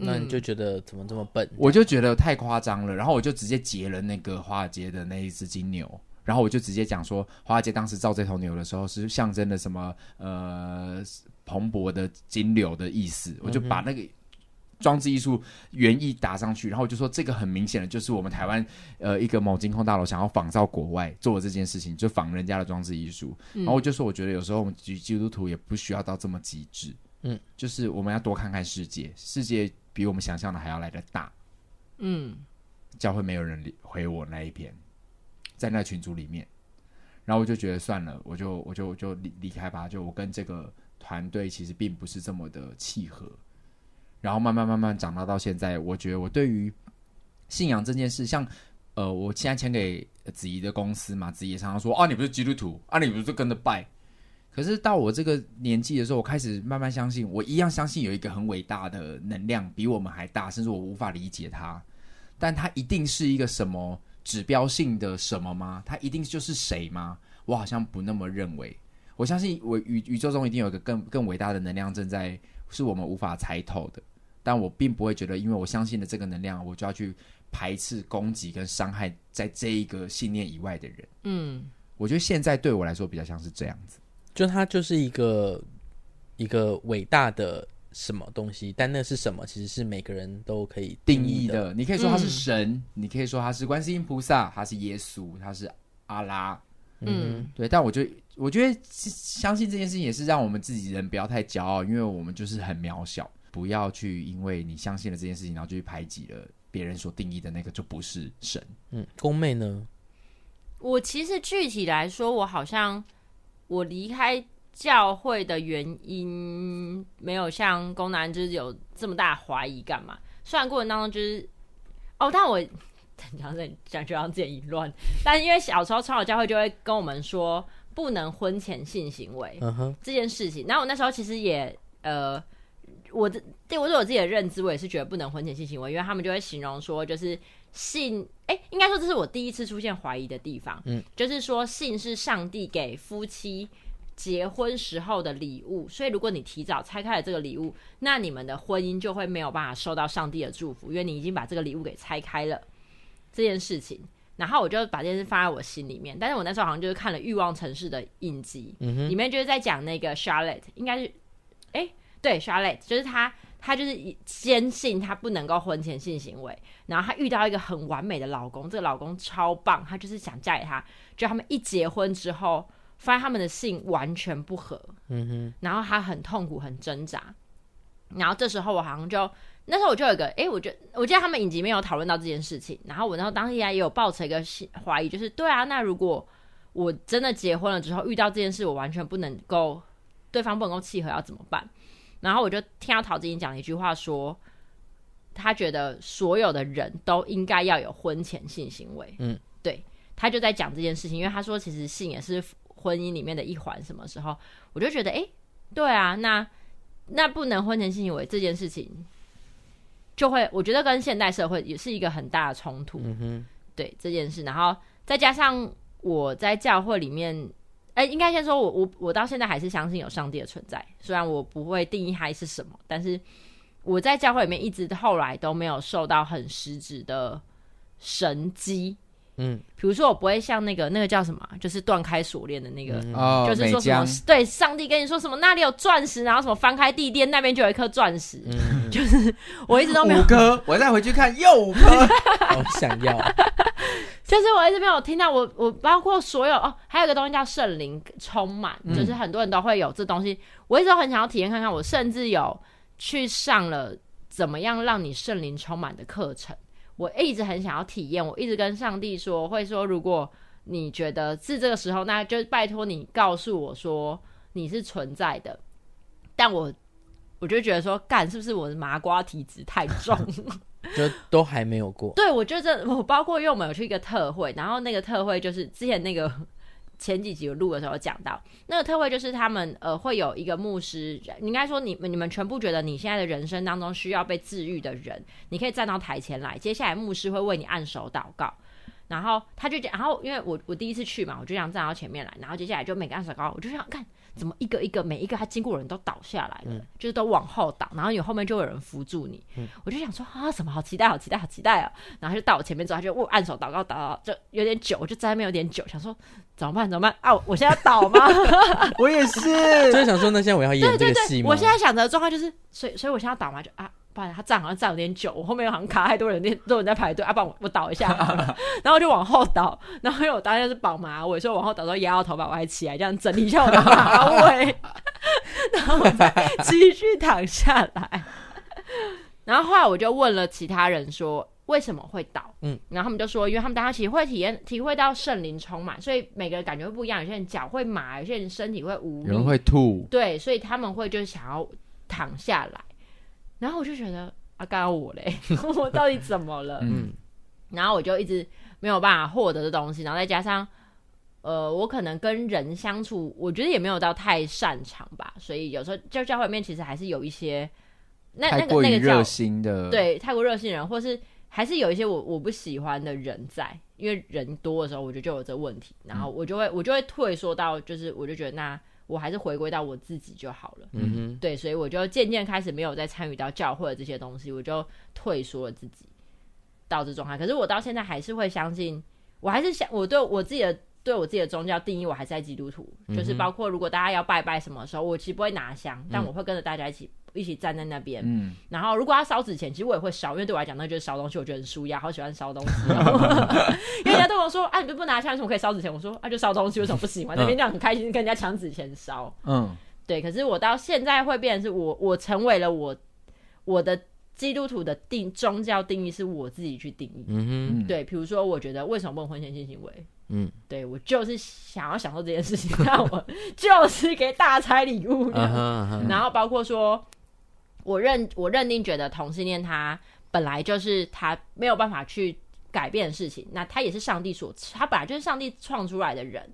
A: 那，嗯、你就覺得怎麼這麼笨？我就覺得太誇張了，然後我就直接截了那個華爾街的那一隻金牛，然後我就直接講說，華爾街當時造這頭牛的時候是象徵的什麼？呃。蓬勃的金流的意思，嗯、我就把那個裝置藝術原意打上去，然後我就說這個很明顯的就是我們台灣呃一個某金控大樓想要仿造國外做的這件事情，就仿人家的裝置藝術、嗯。然後我就說我覺得有時候我們基督徒也不需要到這麼極致，嗯，就是我們要多看看世界，世界比我們想象的還要來得大。嗯，教會沒有人回我那一篇，在那群組裡面，然後我就覺得算了，我就我就我就離離開吧，就我跟這個。團隊其實並不是這麼的契合，然後慢慢慢慢長大到現在，我覺得我對於信仰這件事，像呃，我現在簽給子怡的公司嘛，子怡常常說啊，你不是基督徒，啊，你不是跟着拜，可是到我這個年紀的時候，我開始慢慢相信，我一樣相信有一個很偉大的能量比我們還大，甚至我無法理解它，但它一定是一個什麼指標性的什麼嗎？它一定就是誰嗎？我好像不那麼認為。我相信我，我宇宇宙中一定有一個更更偉大的能量正在，是我們無法猜透的。但我並不會覺得，因為我相信了這個能量，我就要去排斥、攻擊跟傷害在這一個信念以外的人。嗯，我覺得現在對我來說比較像是這樣子，就他就是一個一個偉大的什麼東西，但那是什麼？其實是每個人都可以定義的。義的你可以說他是神。嗯，你可以說他是觀世音菩薩，他是耶穌，他是阿拉。嗯，對。但我就。我覺得相信這件事情也是讓我們自己人不要太驕傲，因為我們就是很渺小，不要去因為你相信了這件事情，然後就去排擠了別人所定義的那個就不是神。嗯，宮妹呢？
B: 我其實具體來說，我好像我離開教會的原因，沒有像宮男就是有這麼大懷疑幹嘛？雖然過程當中就是哦，但我等一下，等一下感覺，就讓自己亂。但因為小時候超好教會就會跟我們說。不能婚前性行為、uh -huh. 這件事情，那我那時候其實也，呃，我的對我做我自己的認知，我也是覺得不能婚前性行為，因為他們就會形容說，就是性，誒，應該說這是我第一次出現懷疑的地方，嗯、uh -huh.，就是說性是上帝給夫妻結婚時候的禮物，所以如果你提早拆開了這個禮物，那你們的婚姻就會沒有辦法受到上帝的祝福，因為你已經把這個禮物給拆開了這件事情。然後我就把這件事放在我心裡面，但是我那時候好像就是看了《慾望城市》的影集，嗯，裡面就是在講那個 Charlotte，應該是，哎，對，Charlotte，就是她，她就是堅信她不能夠婚前性行為，然後她遇到一個很完美的老公，這個老公超棒，她就是想嫁給他，就他們一結婚之後，發現他們的性完全不合，嗯哼，然後她很痛苦，很掙扎，然後這時候我好像就。那時候我就有一個，誒、欸，我覺我記得他們影集沒有討論到這件事情，然後我，然後當時也也有抱持一個懷疑，就是對啊，那如果我真的結婚了之後遇到這件事，我完全不能夠，對方不能夠契合，要怎麼辦？然後我就聽到陶晶瑩講了一句話說，說他覺得所有的人都應該要有婚前性行為，嗯，對他就在講這件事情，因為他說其實性也是婚姻裡面的一環，什麼時候我就覺得，哎、欸，對啊，那那不能婚前性行為這件事情。就會，我覺得跟現代社會也是一個很大的衝突，嗯、對這件事。然後再加上我在教會裡面，哎，應該先說我，我我我到現在還是相信有上帝的存在，雖然我不會定義他是什麼，但是我在教會裡面一直後來都沒有受到很實質的神蹟。嗯，比如說我不會像那個那個叫什麼，就是斷開鎖鏈的那個、嗯哦，就是說什麼對，上帝跟你說什麼那裡有鑽石，然後什麼翻開地墊那邊就有一顆鑽石、
A: 嗯，
B: 就是我一直都沒有五顆，
A: 我再回去看又五顆，我 想要、
B: 啊，就是我一直沒有聽到我我包括所有哦，還有個東西叫聖靈充滿，就是很多人都會有這東西，嗯、我一直都很想要體驗看看我，我甚至有去上了怎麼樣讓你聖靈充滿的課程。我一直很想要體驗，我一直跟上帝說，會說，如果你覺得是這個時候，那就拜托你告訴我說你是存在的。但我我就覺得說，幹是不是我的麻瓜體質太重？
A: 就都還沒有過。
B: 對，我覺得我包括因為我們有去一個特會，然後那個特會就是之前那個。前幾集我錄的時候講到，那個特會就是他們呃、會有一個牧師，你應該說你你們全部覺得你現在的人生當中需要被治癒的人，你可以站到台前來。接下來牧師會為你按手禱告，然後他就這樣，然後因為我我第一次去嘛，我就想站到前面來。然後接下來就每個按手禱告，我就想看怎麼一個一個每一個他經過的人都倒下來了，嗯，就是都往後倒，然後你後面就有人扶住你，嗯、我就想說啊什麼好期待好期待好期待啊，喔！然後他就到我前面走，他就按手禱告禱告，禱告就有點久，我就在那邊有點久，想說。怎麼辦？怎麼辦？啊！我，我現在要倒嗎？
A: 我也是，真是想說，那現在我要演這個戲，對對對，我現在
B: 想的狀況就是，所以所以我現在要倒嘛，就 啊，不然他站好像站有點久，我後面好像卡太多人，都有人在排隊啊，不然我我倒一下， 然後就往後倒，然後因為我當天是綁馬尾，所以往後倒之後壓到頭髮，我還起來這樣整理一下我的馬尾， 然後再繼續躺下來。然後後來我就問了其他人說。為什麼會倒？嗯，然後他們就說，因為他們大家其實會體驗體會到聖靈充滿，所以每個人感覺會不一樣。有些人腳會麻，有些人身體會無力，有人會吐。對，所以他們會就是想要躺下來。然後我就覺得啊，剛剛我嘞， 我到底怎麼了？嗯，然後我就一直沒有辦法獲得的東西。然後再加上，呃，我可能跟人相處，我覺得也沒有到太擅長吧。所以有時候教教會裡面其實還是有一些那那個那個熱心的，那個那個、對太過熱心的人，或是，還是有一些我我不喜歡的人在，因為人多的時候，我就覺得就有這問題，然後我就會、嗯、我就會退縮到，就是我就覺得那我還是回歸到我自己就好了。嗯哼，對，所以我就漸漸開始沒有再參與到教會的這些東西，我就退縮了自己，到這狀態。可是我到現在還是會相信，我還是想我對我自己的。所以我自己的宗教定義，我還是在基督徒、嗯，就是包括如果大家要拜拜什麼的時候，我其實不會拿香，嗯、但我會跟着大家一起一起站在那邊、嗯。然後如果要燒紙錢，其實我也會燒，因為對我來講，那就是燒東西，我覺得很舒壓，好喜歡燒東西。因為 人家都說，啊，你都不拿香，為什麼可以燒紙錢？我說，啊，就燒東西，為什麼不喜歡、嗯？那邊就很開心跟人家搶紙錢燒。嗯，對。可是我到現在會變成是我，我我成為了我我的基督徒的定宗教定義是我自己去定義。嗯哼，嗯，對。比如說，我覺得為什麼不能婚前性行為？嗯，對，我就是想要享受這件事情，那我就是給大財禮物的。 然後包括說，我認我認定覺得同性戀他本來就是他沒有辦法去改變的事情，那他也是上帝所，他本來就是上帝創出來的人。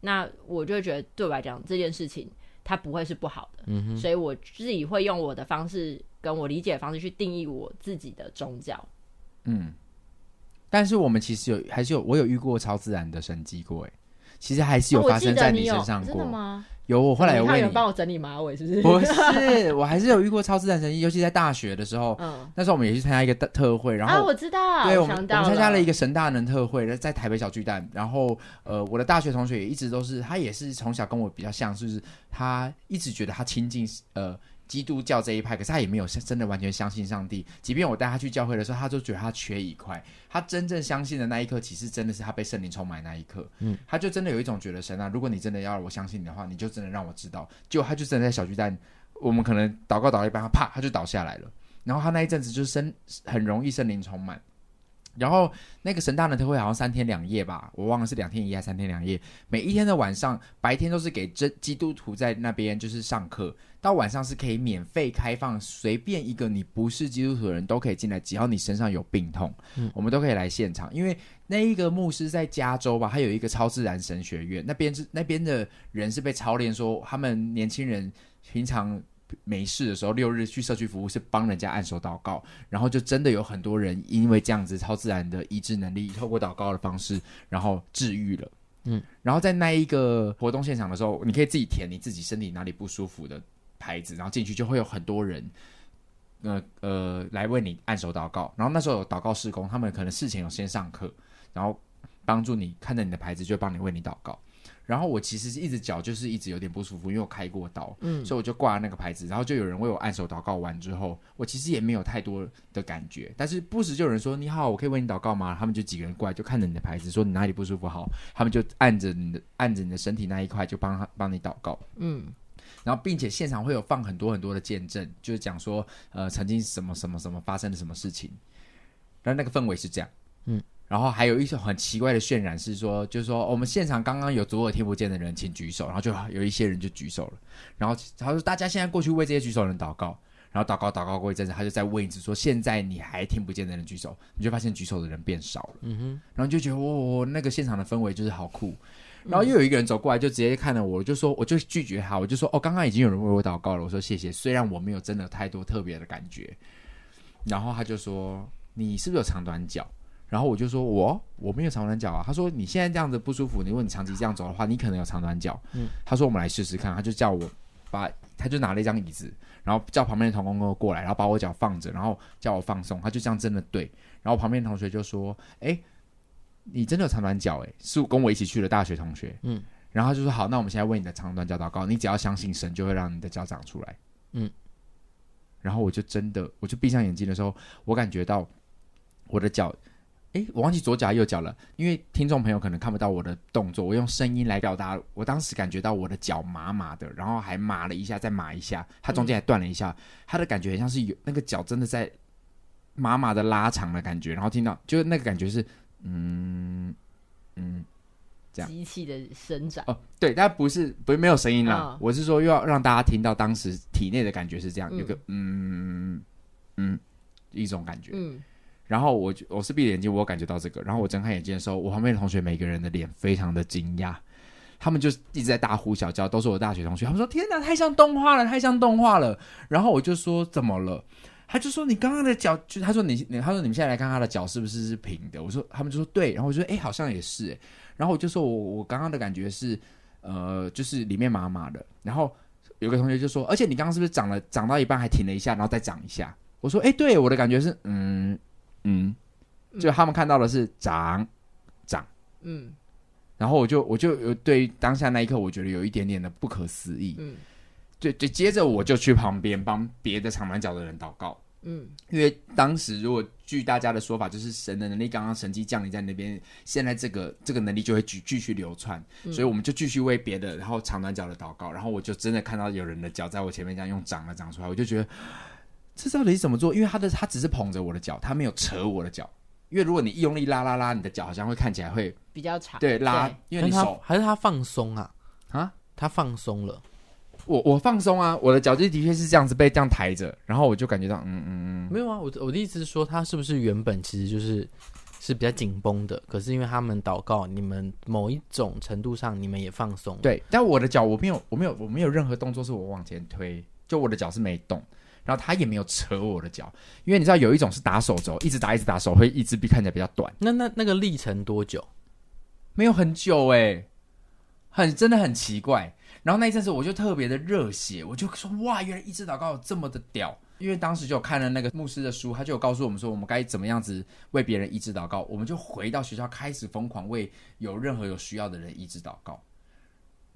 B: 那我就覺得對我來講 這件事情，它不會是不好的。嗯哼，所以我自己會用我的方式，跟我理解的方式去定義我自己的宗教。嗯。
A: 但是我們其實有還是有，我有遇過超自然的神蹟過誒，其實還是有發生在你身上過、啊、過嗎？有，我後來有問你幫我
B: 整理馬尾，是不是？不是，
A: 我還是有遇過超自然神蹟，尤其在大學的時候，嗯、那時候我們也去參加一個特會，然後、啊、我知道，對，我們參加了一個神大能特會，在台北小巨蛋，然後呃，我的大學同學也一直都是，他也是從小跟我比較像，就是不是？他一直覺得他親近呃。基督教這一派，可是他也沒有真的完全相信上帝。即便我帶他去教會的時候，他就覺得他缺一塊。他真正相信的那一刻，其實真的是他被聖靈充滿那一刻。嗯，他就真的有一種覺得神啊，如果你真的要我相信你的話，你就真的讓我知道。就他就真的在小巨蛋，我們可能禱告禱到一半，他啪，他就倒下來了。然後他那一陣子就身很容易聖靈充滿。然後那個神大呢，他會好像三天兩夜吧，我忘了是兩天一夜還是三天兩夜。每一天的晚上、白天都是給真基督徒在那邊就是上課，到晚上是可以免費開放，隨便一個你不是基督徒的人都可以進來，只要你身上有病痛、嗯，我們都可以來現場。因為那一個牧師在加州吧，他有一個超自然神學院，那邊是那邊的人是被操練，說，他們年輕人平常。沒事的時候，六日去社區服務是幫人家按手禱告，然後就真的有很多人因為這樣子超自然的醫治能力，透過禱告的方式，然後治癒了。嗯，然後在那一個活動現場的時候，嗯、你可以自己填你自己身體哪裡不舒服的牌子，然後進去就會有很多人，呃呃來為你按手禱告。然後那時候有禱告事工，他們可能事前有先上課，然後。幫助你看着你的牌子，就幫你為你禱告。然後我其實是一隻腳就是一直有點不舒服，因為我開過刀，嗯，所以我就掛了那個牌子。然後就有人為我按手禱告完之後，我其實也沒有太多的感覺。但是不時就有人說：“你好，我可以為你禱告嗎？”他們就幾個人過來，就看着你的牌子，說你哪裡不舒服好，他們就按着你的按着你的身體那一塊，就幫他幫你禱告，嗯。然後並且現場會有放很多很多的見證，就是講說呃曾經什麼什麼什麼發生了什麼事情。但那個氛圍是這樣，嗯。然後還有一種很奇怪的渲染是說，就是說、哦、我們現場剛剛有左耳聽不見的人，請舉手。然後就有一些人就舉手了。然後他說大家現在過去為這些舉手的人禱告。然後禱告禱告過一陣子，他就再問一次，說現在你還聽不見的人舉手。你就發現舉手的人變少了。嗯哼。然後你就覺得哦，那個現場的氛圍就是好酷。然後又有一個人走過來，就直接看了我，我就說我就拒絕他，我就說哦，剛剛已經有人為我禱告了，我說謝謝。雖然我沒有真的太多特別的感覺。然後他就說你是不是有長短腳？然後我就說，我我沒有長短腳啊。他說，你現在這樣子不舒服，如果你長期這樣走的話，你可能有長短腳。嗯。他說，我們來試試看。他就叫我把，他就拿了一張椅子，然後叫旁邊的同工過來，然後把我腳放着，然後叫我放鬆。他就這樣，真的對。然後旁邊的同學就說，哎，你真的有長短腳？哎，是跟我一起去的大學同學。嗯。然後他就說，好，那我們現在為你的長短腳禱告告。你只要相信神，就會讓你的腳長出來。嗯。然後我就真的，我就閉上眼睛的時候，我感覺到我的腳。誒，我忘記左腳右腳了，因為聽眾朋友可能看不到我的動作，我用聲音來表達。我當時感覺到我的腳麻麻的，然後還麻了一下，再麻一下，它中間還斷了一下。嗯、它的感覺很像是有那個腳真的在麻麻的拉長的感覺，然後聽到就是那個感覺是，嗯嗯，這樣。
B: 機器的伸展。
A: 哦，對，但不是不是沒有聲音了，哦。我是說又要讓大家聽到當時體內的感覺是這樣，嗯、有個嗯嗯一種感覺。嗯然後我我是閉着眼睛，我有感覺到這個。然後我睜開眼睛的時候，我旁邊的同學每個人的臉非常的驚訝，他們就一直在大呼小叫，都是我大學同學。他們說：“天哪，太像動畫了，太像動畫了。”然後我就說：“怎麼了？”他就說：“你剛剛的腳，就他說你，你，他說你們現在來看他的腳是不是是平的？”我說：“他們就說對。”然後我就說：“誒、欸，好像也是欸。”然後我就說我我剛剛的感覺是，呃，就是裡面麻麻的。然後有個同學就說：“而且你剛剛是不是長了，長到一半還停了一下，然後再長一下？”我說：“誒、欸，對，我的感覺是，嗯。”嗯，就他們看到的是長，嗯、長，嗯，然後我就我就對於當下那一刻，我覺得有一點點的不可思議，嗯，就，就接着我就去旁邊幫別的長短腳的人禱告，嗯，因為當時如果據大家的說法，就是神的能力剛剛神蹟降臨在那邊，現在這個這個能力就會繼繼續流傳。所以我們就繼續為別的然後長短腳的禱告，然後我就真的看到有人的腳在我前面這樣用長了長出來，我就覺得。這到底是怎麼做？因為他的他只是捧着我的腳，他沒有扯我的腳。因為如果你用力拉拉拉，你的腳好像會看起來會比較長。對，拉，因為你手他還是他放鬆啊啊，他放鬆了。我我放鬆啊，我的腳就的確是這樣子被這樣抬着，然後我就感覺到嗯嗯嗯，沒有啊。我我的意思是說，他是不是原本其實就是是比較緊繃的？可是因為他們禱告，你們某一種程度上你們也放鬆。對，但我的腳我沒,我沒有，我沒有，我沒有任何動作是我往前推，就我的腳是沒動。然後他也沒有扯我的腳，因為你知道有一種是打手肘，一直打一直打手，手會一只臂看起來比較短。那那那個歷程多久？沒有很久誒、欸，很真的很奇怪。然後那一陣子我就特別的熱血，我就說哇，原來一直禱告這麼的屌！因為當時就看了那個牧師的書，他就有告訴我們說我們該怎麼樣子為別人一直禱告。我們就回到學校開始瘋狂為有任何有需要的人一直禱告。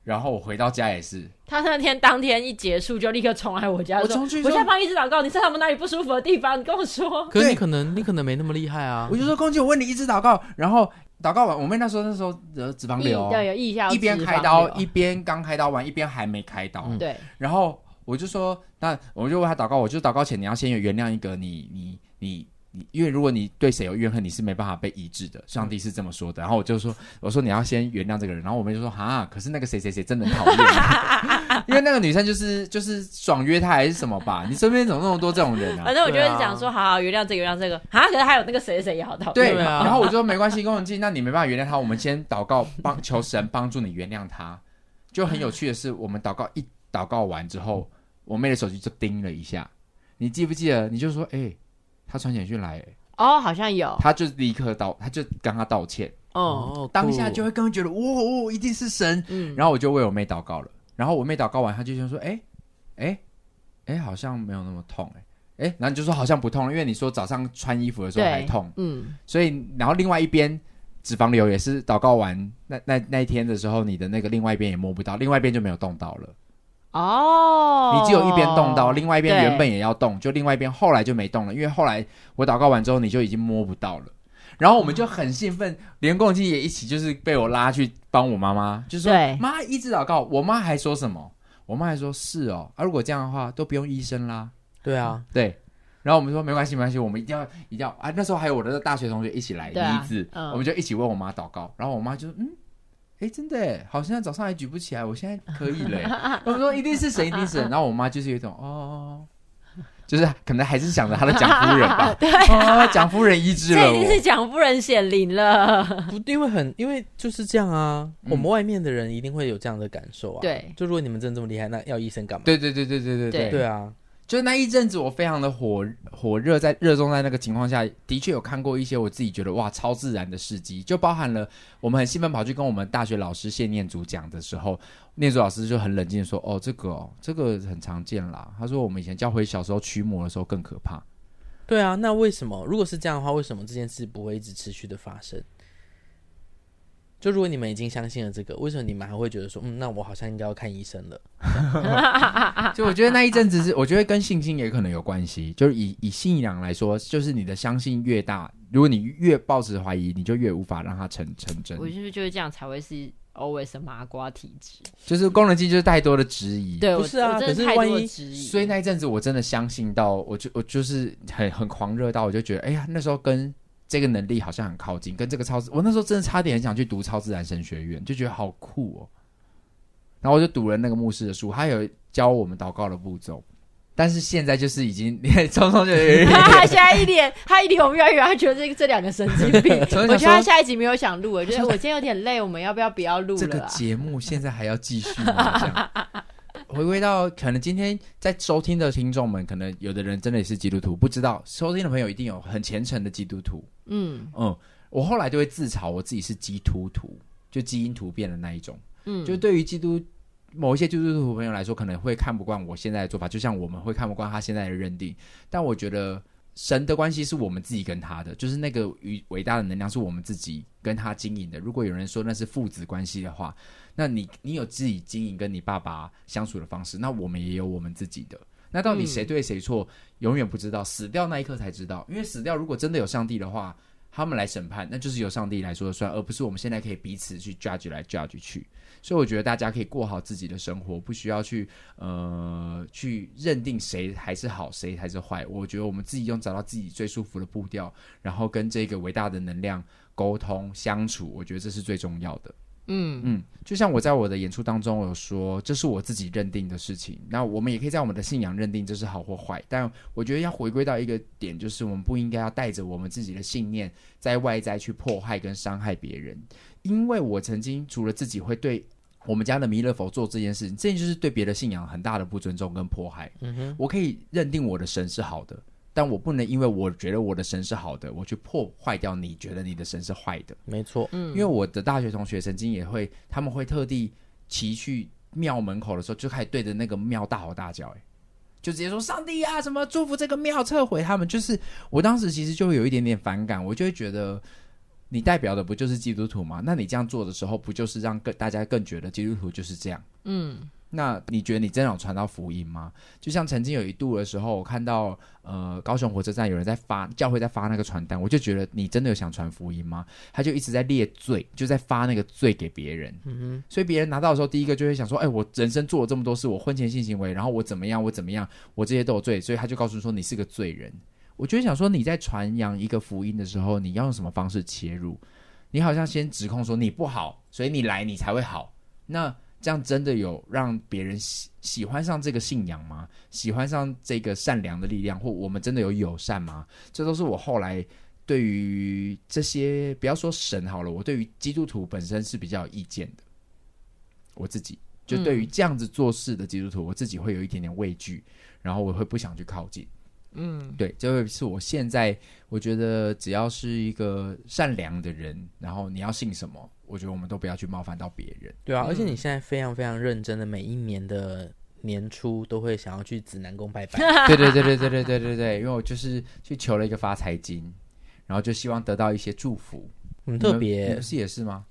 A: 然後我回到家也是，
B: 他那天當天一結束就立刻衝來我家就說，我說：“我下班一直禱告，你在他們哪裡不舒服的地方，你跟我說。”可是
A: 你可能你可能沒那麼厲害啊！我就說：“空氣，我問你一直禱告。”然後禱告完，我妹那時候那時候有脂肪瘤，意，有意一有脂肪瘤，
B: 一邊開刀一
A: 邊剛開刀完，一邊還沒開刀，嗯、對。然後我就說：“那我就問他禱告，我就禱告前你要先原諒一個你，你，你。”因為如果你對誰有怨恨，你是沒辦法被醫治的。上帝是這麼說的。然後我就說：“我說你要先原諒這個人。”然後我們就說：“哈，可是那個誰誰誰真的討厭、啊。 ” 因為那個女生就是就是爽約他還是什麼吧？你身邊怎麼那麼多這種人呢、啊？反、啊、正我就想說：“
B: 啊、好好原諒這個，原諒這個。啊”哈可是還有那個誰誰也好討厭。對啊。然後我就
A: 說：“沒關係，工人記，那你沒辦法原諒他，我們先禱告，幫求神幫助你原諒他。”就很有趣的是，我們禱告一禱告完之後，我妹的手機就叮了一下。你記不記得？你就說：“哎、欸。”他傳簡訊來、欸，
B: 哦、oh,，好像有，
A: 他就立刻道，他就跟他道歉，哦、oh,
B: oh,，cool. 當下就會
A: 剛覺得，嗚、哦、一定是神，嗯，然後我就為我妹禱告了，然後我妹禱告完，他就先說，哎、欸，哎、欸，哎、欸，好像沒有那麼痛、欸，哎，哎，然後就說好像不痛了，因為你說早上穿衣服的時候還痛，嗯，所以然後另外一邊脂肪瘤也是禱告完，那那那一天的時候，你的那個另外一邊也摸不到，另外一邊就沒有動到了。
B: 哦、oh,，你只有一邊動到，另外一邊原本也
A: 要動，就另外一邊後來就沒動了，因為後來我禱告完之後，你就已經摸不到了。然後我們就很興奮、嗯，連宮雞也一起，就是被我拉去幫我媽媽，就是說媽一直禱告。我媽還說什麼？我媽還說是哦、啊，如果這樣的話都不用醫生啦。對啊，嗯、對。然後我們說沒關係沒關係，我們一定要一定要啊！那時候還有我的大學同學一起來醫治，啊嗯、我們就一起為我媽禱告。然後我媽就嗯。哎，真的，好像早上還舉不起來，我現在可以了。 我說一定是神，一定是神。然後我媽就是有一種，哦，就是可能還是想着她的蔣夫人吧， 對啊，啊，蔣夫人醫治了我，這已經
B: 是蔣夫人顯靈了。
A: 不，因為很，因為就是這樣啊、嗯。我們外面的人一定會有這樣的感受啊。對，就如果你們真的這麼厲害，那要醫生幹嘛？對對對對對對對，對啊。就那一陣子，我非常的火火熱，在熱衷在那個情況下的確有看過一些我自己覺得哇超自然的事跡，就包含了我們很興奮跑去跟我們大學老師謝念祖講的時候，念祖老師就很冷靜的說：“哦，這個、哦、這個很常見啦。”他說：“我們以前教會小時候驅魔的時候更可怕。”對啊，那為什麼？如果是這樣的話，為什麼這件事不會一直持續的發生？就如果你們已經相信了這個，為什麼你們還會覺得說，嗯，那我好像應該要看醫生了？ 就我覺得那一陣子是，我覺得跟信心也可能有關係。就是以以信仰來說，就是你的相信越大，如果你越抱持懷疑，你就越無法讓它成成真。我是
B: 不是就是覺得這樣才會是 always 麻瓜體質？
A: 就是功能機就是太多的質疑，對，不是啊，真的太多質疑。可是萬一，所以那一陣子我真的相信到，我就我就是很很狂熱到，我就覺得，哎呀，那時候跟。這個能力好像很靠近，跟這個超自，我那時候真的差點很想去讀超自然神學院，就覺得好酷哦。然後我就讀了那個牧師的書，他有教我們禱告的步驟。但是現在就是已經匆匆就， 現在一
B: 點 他一點我們越來他覺得這這兩個神經
A: 病。 我覺得他下
B: 一集沒有想錄，我覺得我今天有點累，我們要不要不要錄了啊？這個節
A: 目現在還要繼續嗎？ 回歸到可能今天在收聽的聽眾們，可能有的人真的也是基督徒，不知道收聽的朋友一定有很虔誠的基督徒。嗯嗯，我後來就會自嘲我自己是基督徒，就基因突變的那一種。嗯，就對於基督某一些基督徒朋友來說，可能會看不慣我現在的做法，就像我們會看不慣他現在的認定。但我覺得。神的關係是我們自己跟他的，就是那個與偉大的能量是我們自己跟他經營的。如果有人說那是父子關係的話，那你你有自己經營跟你爸爸相處的方式，那我們也有我們自己的。那到底誰對誰錯，永遠不知道，死掉那一刻才知道。因為死掉，如果真的有上帝的話。他們來審判，那就是由上帝來說了算，而不是我們現在可以彼此去 judge 來 judge 去。所以我覺得大家可以過好自己的生活，不需要去呃去認定誰還是好，誰還是壞。我覺得我們自己用找到自己最舒服的步調，然後跟這個偉大的能量溝通相處，我覺得這是最重要的。嗯嗯，就像我在我的演出當中，我有說，這是我自己認定的事情。那我們也可以在我們的信仰認定這是好或壞，但我覺得要回歸到一個點，就是我們不應該要帶着我們自己的信念在外在去迫害跟傷害別人。因為我曾經除了自己會對我們家的彌勒佛做這件事情，這件就是對別的信仰很大的不尊重跟迫害。嗯哼，我可以認定我的神是好的。但我不能因為我覺得我的神是好的，我去破壞掉你覺得你的神是壞的。沒錯，嗯，因為我的大學同學曾經也會，他們會特地騎去廟門口的時候，就開始對着那個廟大吼大叫、欸，就直接說上帝啊，什麼祝福這個廟，撤回他們。就是，我當時其實就有一點點反感，我就會覺得，你代表的不就是基督徒嗎？那你這樣做的時候，不就是讓更大家更覺得基督徒就是這樣？嗯。那你覺得你真的有傳到福音嗎？就像曾經有一度的時候，我看到呃高雄火車站有人在發，教會在發那個傳單，我就覺得你真的有想傳福音嗎？他就一直在列罪，就在發那個罪給別人。嗯哼。所以別人拿到的時候，第一個就會想說，哎，我人生做了這麼多事，我婚前性行為，然後我怎麼樣，我怎麼樣，我這些都有罪，所以他就告訴說你是個罪人。我就會想說你在傳揚一個福音的時候，你要用什麼方式切入？你好像先指控說你不好，所以你來你才會好。那。這樣真的有讓別人喜喜歡上這個信仰嗎？喜歡上這個善良的力量，或我們真的有友善嗎？這都是我後來對於這些，不要說神好了，我對於基督徒本身是比較有意見的。我自己就對於這樣子做事的基督徒，我自己會有一點點畏懼，然後我會不想去靠近。嗯，對，就是我現在我覺得只要是一個善良的人，然後你要信什麼，我覺得我們都不要去冒犯到別人，對啊。而且你現在非常非常認真的，每一年的年初都會想要去紫南宮拜拜。對 對對對對對對對對，因為我就是去求了一個發財金，然後就希望得到一些祝福，很、嗯、特別，你是也是嗎？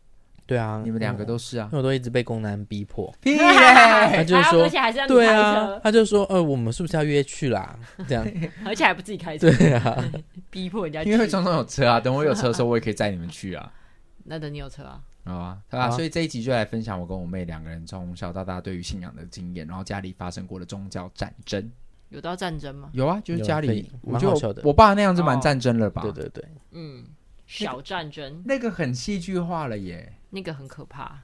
A: 對啊，你們兩個都是，啊，嗯、我都一直被宮男逼迫，欸、他就是說、啊對是，對啊，他就說，呃，我們是不是要約去啦？這樣， 而且還不自己開車，對啊，逼迫人家去，因為莊莊有車啊，等我有車的時候，我也可以載你們去啊。
B: 那等你有車啊，哦、
A: 啊對吧，好啊啊！所以這一集就來分享我跟我妹兩個人從小到大，大對於信仰的經驗，然後家裡發生過的宗教戰爭，
B: 有到戰爭嗎？有啊，就是家裡我覺得我，我爸
A: 那樣子蠻戰爭了吧？哦、對，對對對，嗯、
B: 那個，小戰爭
A: 那個很戲劇化了耶。
B: 那個很可怕，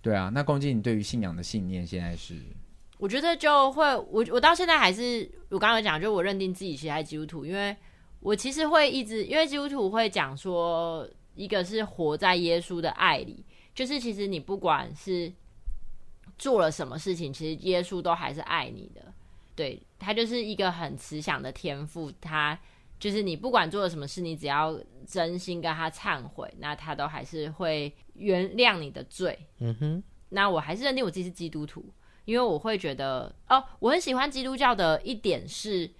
A: 對啊。那恭雞，你對於信仰的信念現在是？
B: 我覺得就會，我我到現在還是，我剛剛講，就我認定自己還是基督徒，因為我其實會一直，因為基督徒會講說，一個是活在耶穌的愛裡，就是其實你不管是做了什麼事情，其實耶穌都還是愛你的，對，他就是一個很慈祥的天父，他。就是你不管做了什麼事，你只要真心跟他懺悔，那他都還是會原諒你的罪。嗯哼，那我還是認定我自己是基督徒，因為我會覺得哦，我很喜歡基督教的一點是，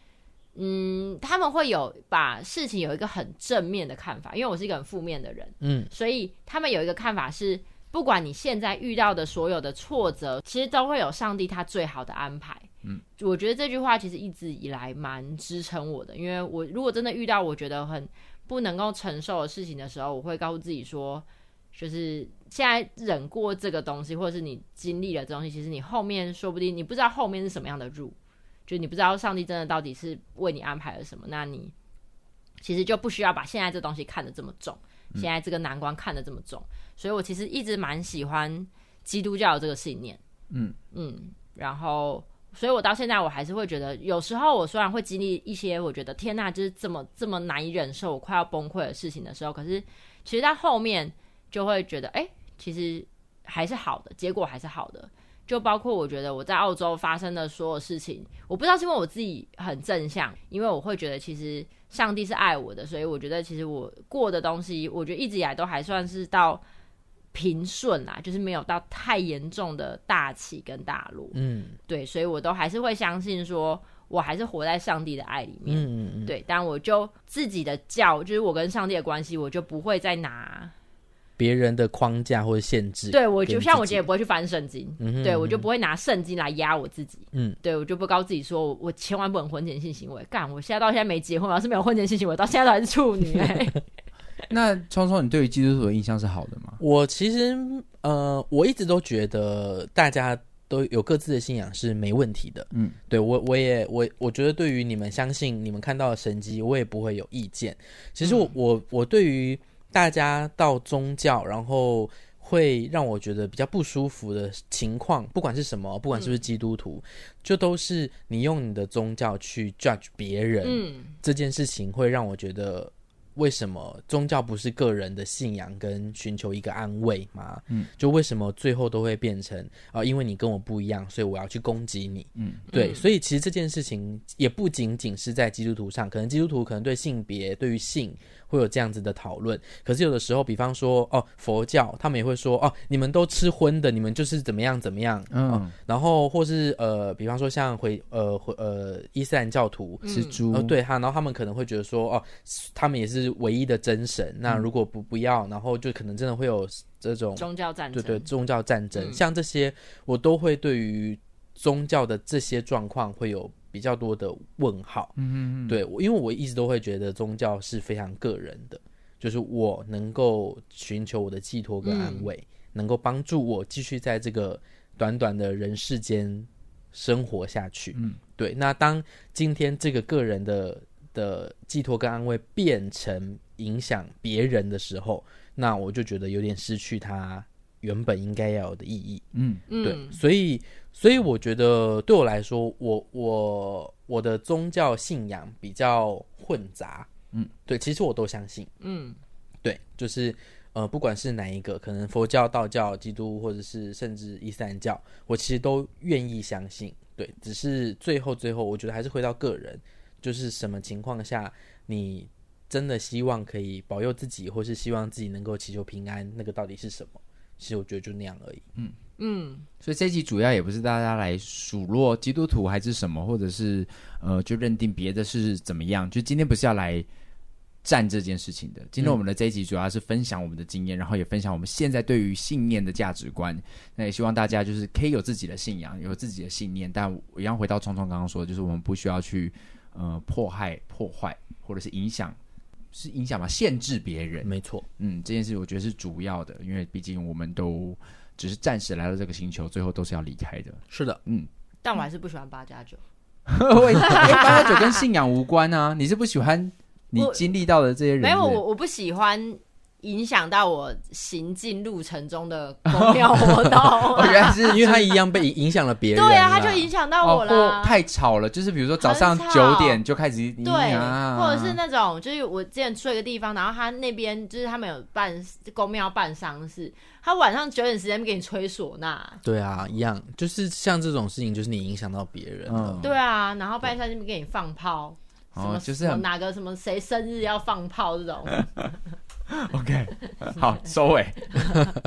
B: 嗯，他們會有把事情有一個很正面的看法，因為我是一個很負面的人。嗯，所以他們有一個看法是。不管你現在遇到的所有的挫折，其實都會有上帝他最好的安排。嗯，我覺得這句話其實一直以來蠻支撐我的，因為我如果真的遇到我覺得很不能夠承受的事情的時候，我會告訴自己說，就是現在忍過這個東西，或者是你經歷了東西，其實你後面說不定，你不知道後面是什麼樣的路，就你不知道上帝真的到底是為你安排了什麼，那你其實就不需要把現在這東西看得這麼重。現在這個難關看得這麼重，嗯、所以我其實一直蠻喜歡基督教這個信念。嗯嗯，然後，所以我到現在我還是會覺得，有時候我雖然會經歷一些我覺得天吶，就是這麼這麼難以忍受，我快要崩潰的事情的時候，可是其實到後面就會覺得，哎、欸，其實還是好的，結果還是好的。就包括我覺得我在澳洲發生的所有事情，我不知道是因為我自己很正向，因為我會覺得其實。上帝是愛我的，所以我覺得其實我過的東西，我覺得一直以來都還算是到平順啦，就是沒有到太嚴重的大起跟大落。嗯，對，所以我都還是會相信，說我還是活在上帝的愛裡面。嗯，對，但我就自己的教，就是我跟上帝的關係，我就不會再拿。
A: 別人的框架或者限制，對我就像我姐
B: 也不會去翻聖經，嗯、對我就不會拿聖經來壓我自己。嗯，對我就不告自己說，我千萬不能婚前性行為。幹，我現在到現在沒結婚要是沒有婚前性行為，到現在還是處女、欸。 那聰
A: 聰，聰聰你對於基督徒的印象是好的嗎？我其實呃，我一直都覺得大家都有各自的信仰是沒問題的。嗯，對我我也我我覺得對於你們相信你們看到的神蹟，我也不會有意見。嗯、其實我我我對於。大家到宗教，然後會讓我覺得比較不舒服的情況，不管是什麼，不管是不是基督徒，嗯、就都是你用你的宗教去 judge 別人，嗯、這件事情會讓我覺得，為什麼宗教不是個人的信仰跟尋求一個安慰嗎？嗯，就為什麼最後都會變成啊、呃，因為你跟我不一樣，所以我要去攻擊你。嗯，對，嗯，所以其實這件事情也不僅僅是在基督徒上，可能基督徒可能對性別，對於性。會有這樣子的討論，可是有的時候，比方說哦，佛教他們也會說哦，你們都吃葷的，你們就是怎麼樣怎麼樣，哦、嗯，然後或是呃，比方說像回呃回呃伊斯蘭教徒吃豬、嗯哦，對哈，然後他們可能會覺得說哦，他們也是唯一的真神，那如果不、嗯、不要，然後就可能真的會有這種宗教戰爭，對對，宗教戰爭，嗯、像這些我都會對於宗教的這些狀況會有。比較多的問號，嗯嗯，對，因為我一直都會覺得宗教是非常個人的，就是我能夠尋求我的寄託跟安慰，嗯、能夠幫助我繼續在這個短短的人世間生活下去。嗯，對。那當今天這個個人的的寄託跟安慰變成影響別人的時候，那我就覺得有點失去它原本應該要有的意義。嗯嗯，對，所以。所以我覺得，對我來說，我我我的宗教信仰比較混雜，嗯，對，其實我都相信，嗯，對，就是呃，不管是哪一個，可能佛教、道教、基督，或者是甚至伊斯蘭教，我其實都願意相信，對，只是最後最後，我覺得還是回到個人，就是什麼情況下你真的希望可以保佑自己，或是希望自己能夠祈求平安，那個到底是什麼？其實我覺得就那樣而已，嗯。嗯，所以這一集主要也不是大家來數落基督徒還是什麼，或者是呃，就認定別的是怎麼樣，就今天不是要來戰這件事情的。今天我們的這一集主要是分享我們的經驗，嗯，然後也分享我們現在對於信念的價值觀。那也希望大家就是可以有自己的信仰，有自己的信念，但我要回到聰聰剛剛說，就是我們不需要去呃迫害、破壞或者是影響，是影響嗎？限制別人？沒錯，嗯，這件事我覺得是主要的，因為畢竟我們都，嗯只是暫時來到這個星球，最後都是要離開的。是的，嗯，
B: 但我還是不喜歡八加九，
A: 因為八加九跟信仰無關啊。 你是不喜歡你經歷到的這些人是不是？沒有，我
B: 我不喜歡。影響到我行進路程中的
A: 公廟活動、啊， 原來是因為他一樣被影響了別人、啊。 對啊，他就影響到我了。哦、太吵了，就是比如說早上九點就開始，對，或者是那
B: 種就是我之前睡一個地方，然後他那邊就是他們有辦公廟辦喪事，他晚上九點時間給你吹嗩吶。
A: 對啊，一樣，就是像這種事情，就是你影響到別人了、嗯。
B: 對啊，然後半夜那邊給你放炮，
A: 什麼,什麼、哦、就是哪
B: 個什麼誰生日要放炮這種 。
A: OK，好收尾。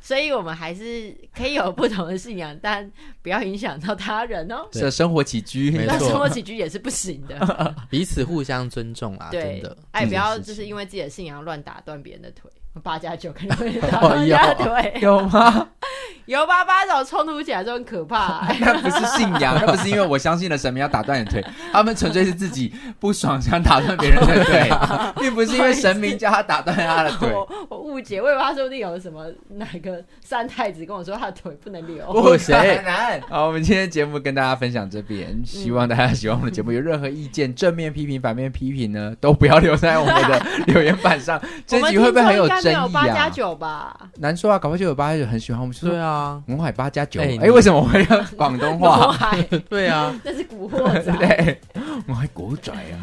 B: 所以，我們還是可以有不同的信仰，但不要影響到他人哦。生活起居沒錯，那生活起居也是不行的。
A: 彼此互相尊重啊， 真的對。哎，不要就是
B: 因為自己的信仰亂打斷別人的腿。八加九可能會打斷腿、 哦有哦，有嗎？ 有八八這種衝突起來就很可怕、啊。 那不是信仰， 那不是因為
A: 我相信了神明要打斷你的腿， 他們純粹是自己不爽想打斷別人的腿、啊， 並不是因為神明叫他打斷他的腿。
B: 我誤解，我以為他說不定有什麼哪個三太子跟我說他的腿不能留。不，誰。
A: 好，我們今天節目跟大家分享這邊，希望大家喜歡我們的節目、嗯。有任何意見， 正面批評、反面批評呢，都不要留在我們的留言板上。這 集會不會很有爭議啊？八加九吧。難說啊，搞不好八加九很喜歡我們說、嗯。對啊。啊、欸，五海八加九，哎，為什麼我會用廣東話？海 對啊， 這是古惑仔，我愛古仔啊，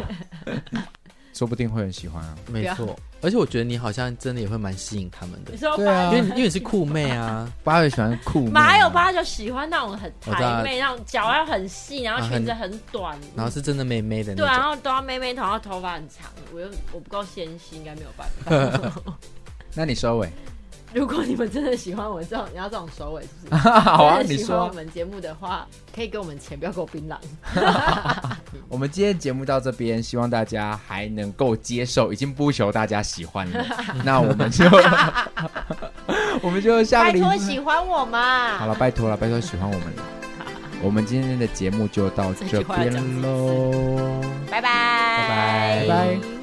A: 說不定會很喜歡啊。沒錯，而且我覺得你好像真的也會蠻吸引他們的，對啊，因為因為你是酷妹啊，八 月喜歡酷妹、啊，還
B: 有八月就喜歡那種很台妹，然後腳要很細，然後裙子很短、啊很嗯，
A: 然後是真的妹妹的，對、啊，然
B: 後都要妹妹頭，然後頭髮很長，我又我不夠纖細，應該沒有
A: 辦法。 那你收尾。
B: 如果你們真的喜歡我這種，你要這種首尾是不是、就是？ 好啊，你說。我們節目的話， 可以給我們錢，不要給我檳榔。
A: 我們今天節目到這邊，希望大家還能夠接受，已經不求大家喜歡了。 那我們就， 我們就下個拜託喜
B: 歡我嘛。好
A: 了，拜託了，拜託喜歡我們。 我們今天的節目就到這邊嘍，拜拜，拜拜。拜拜。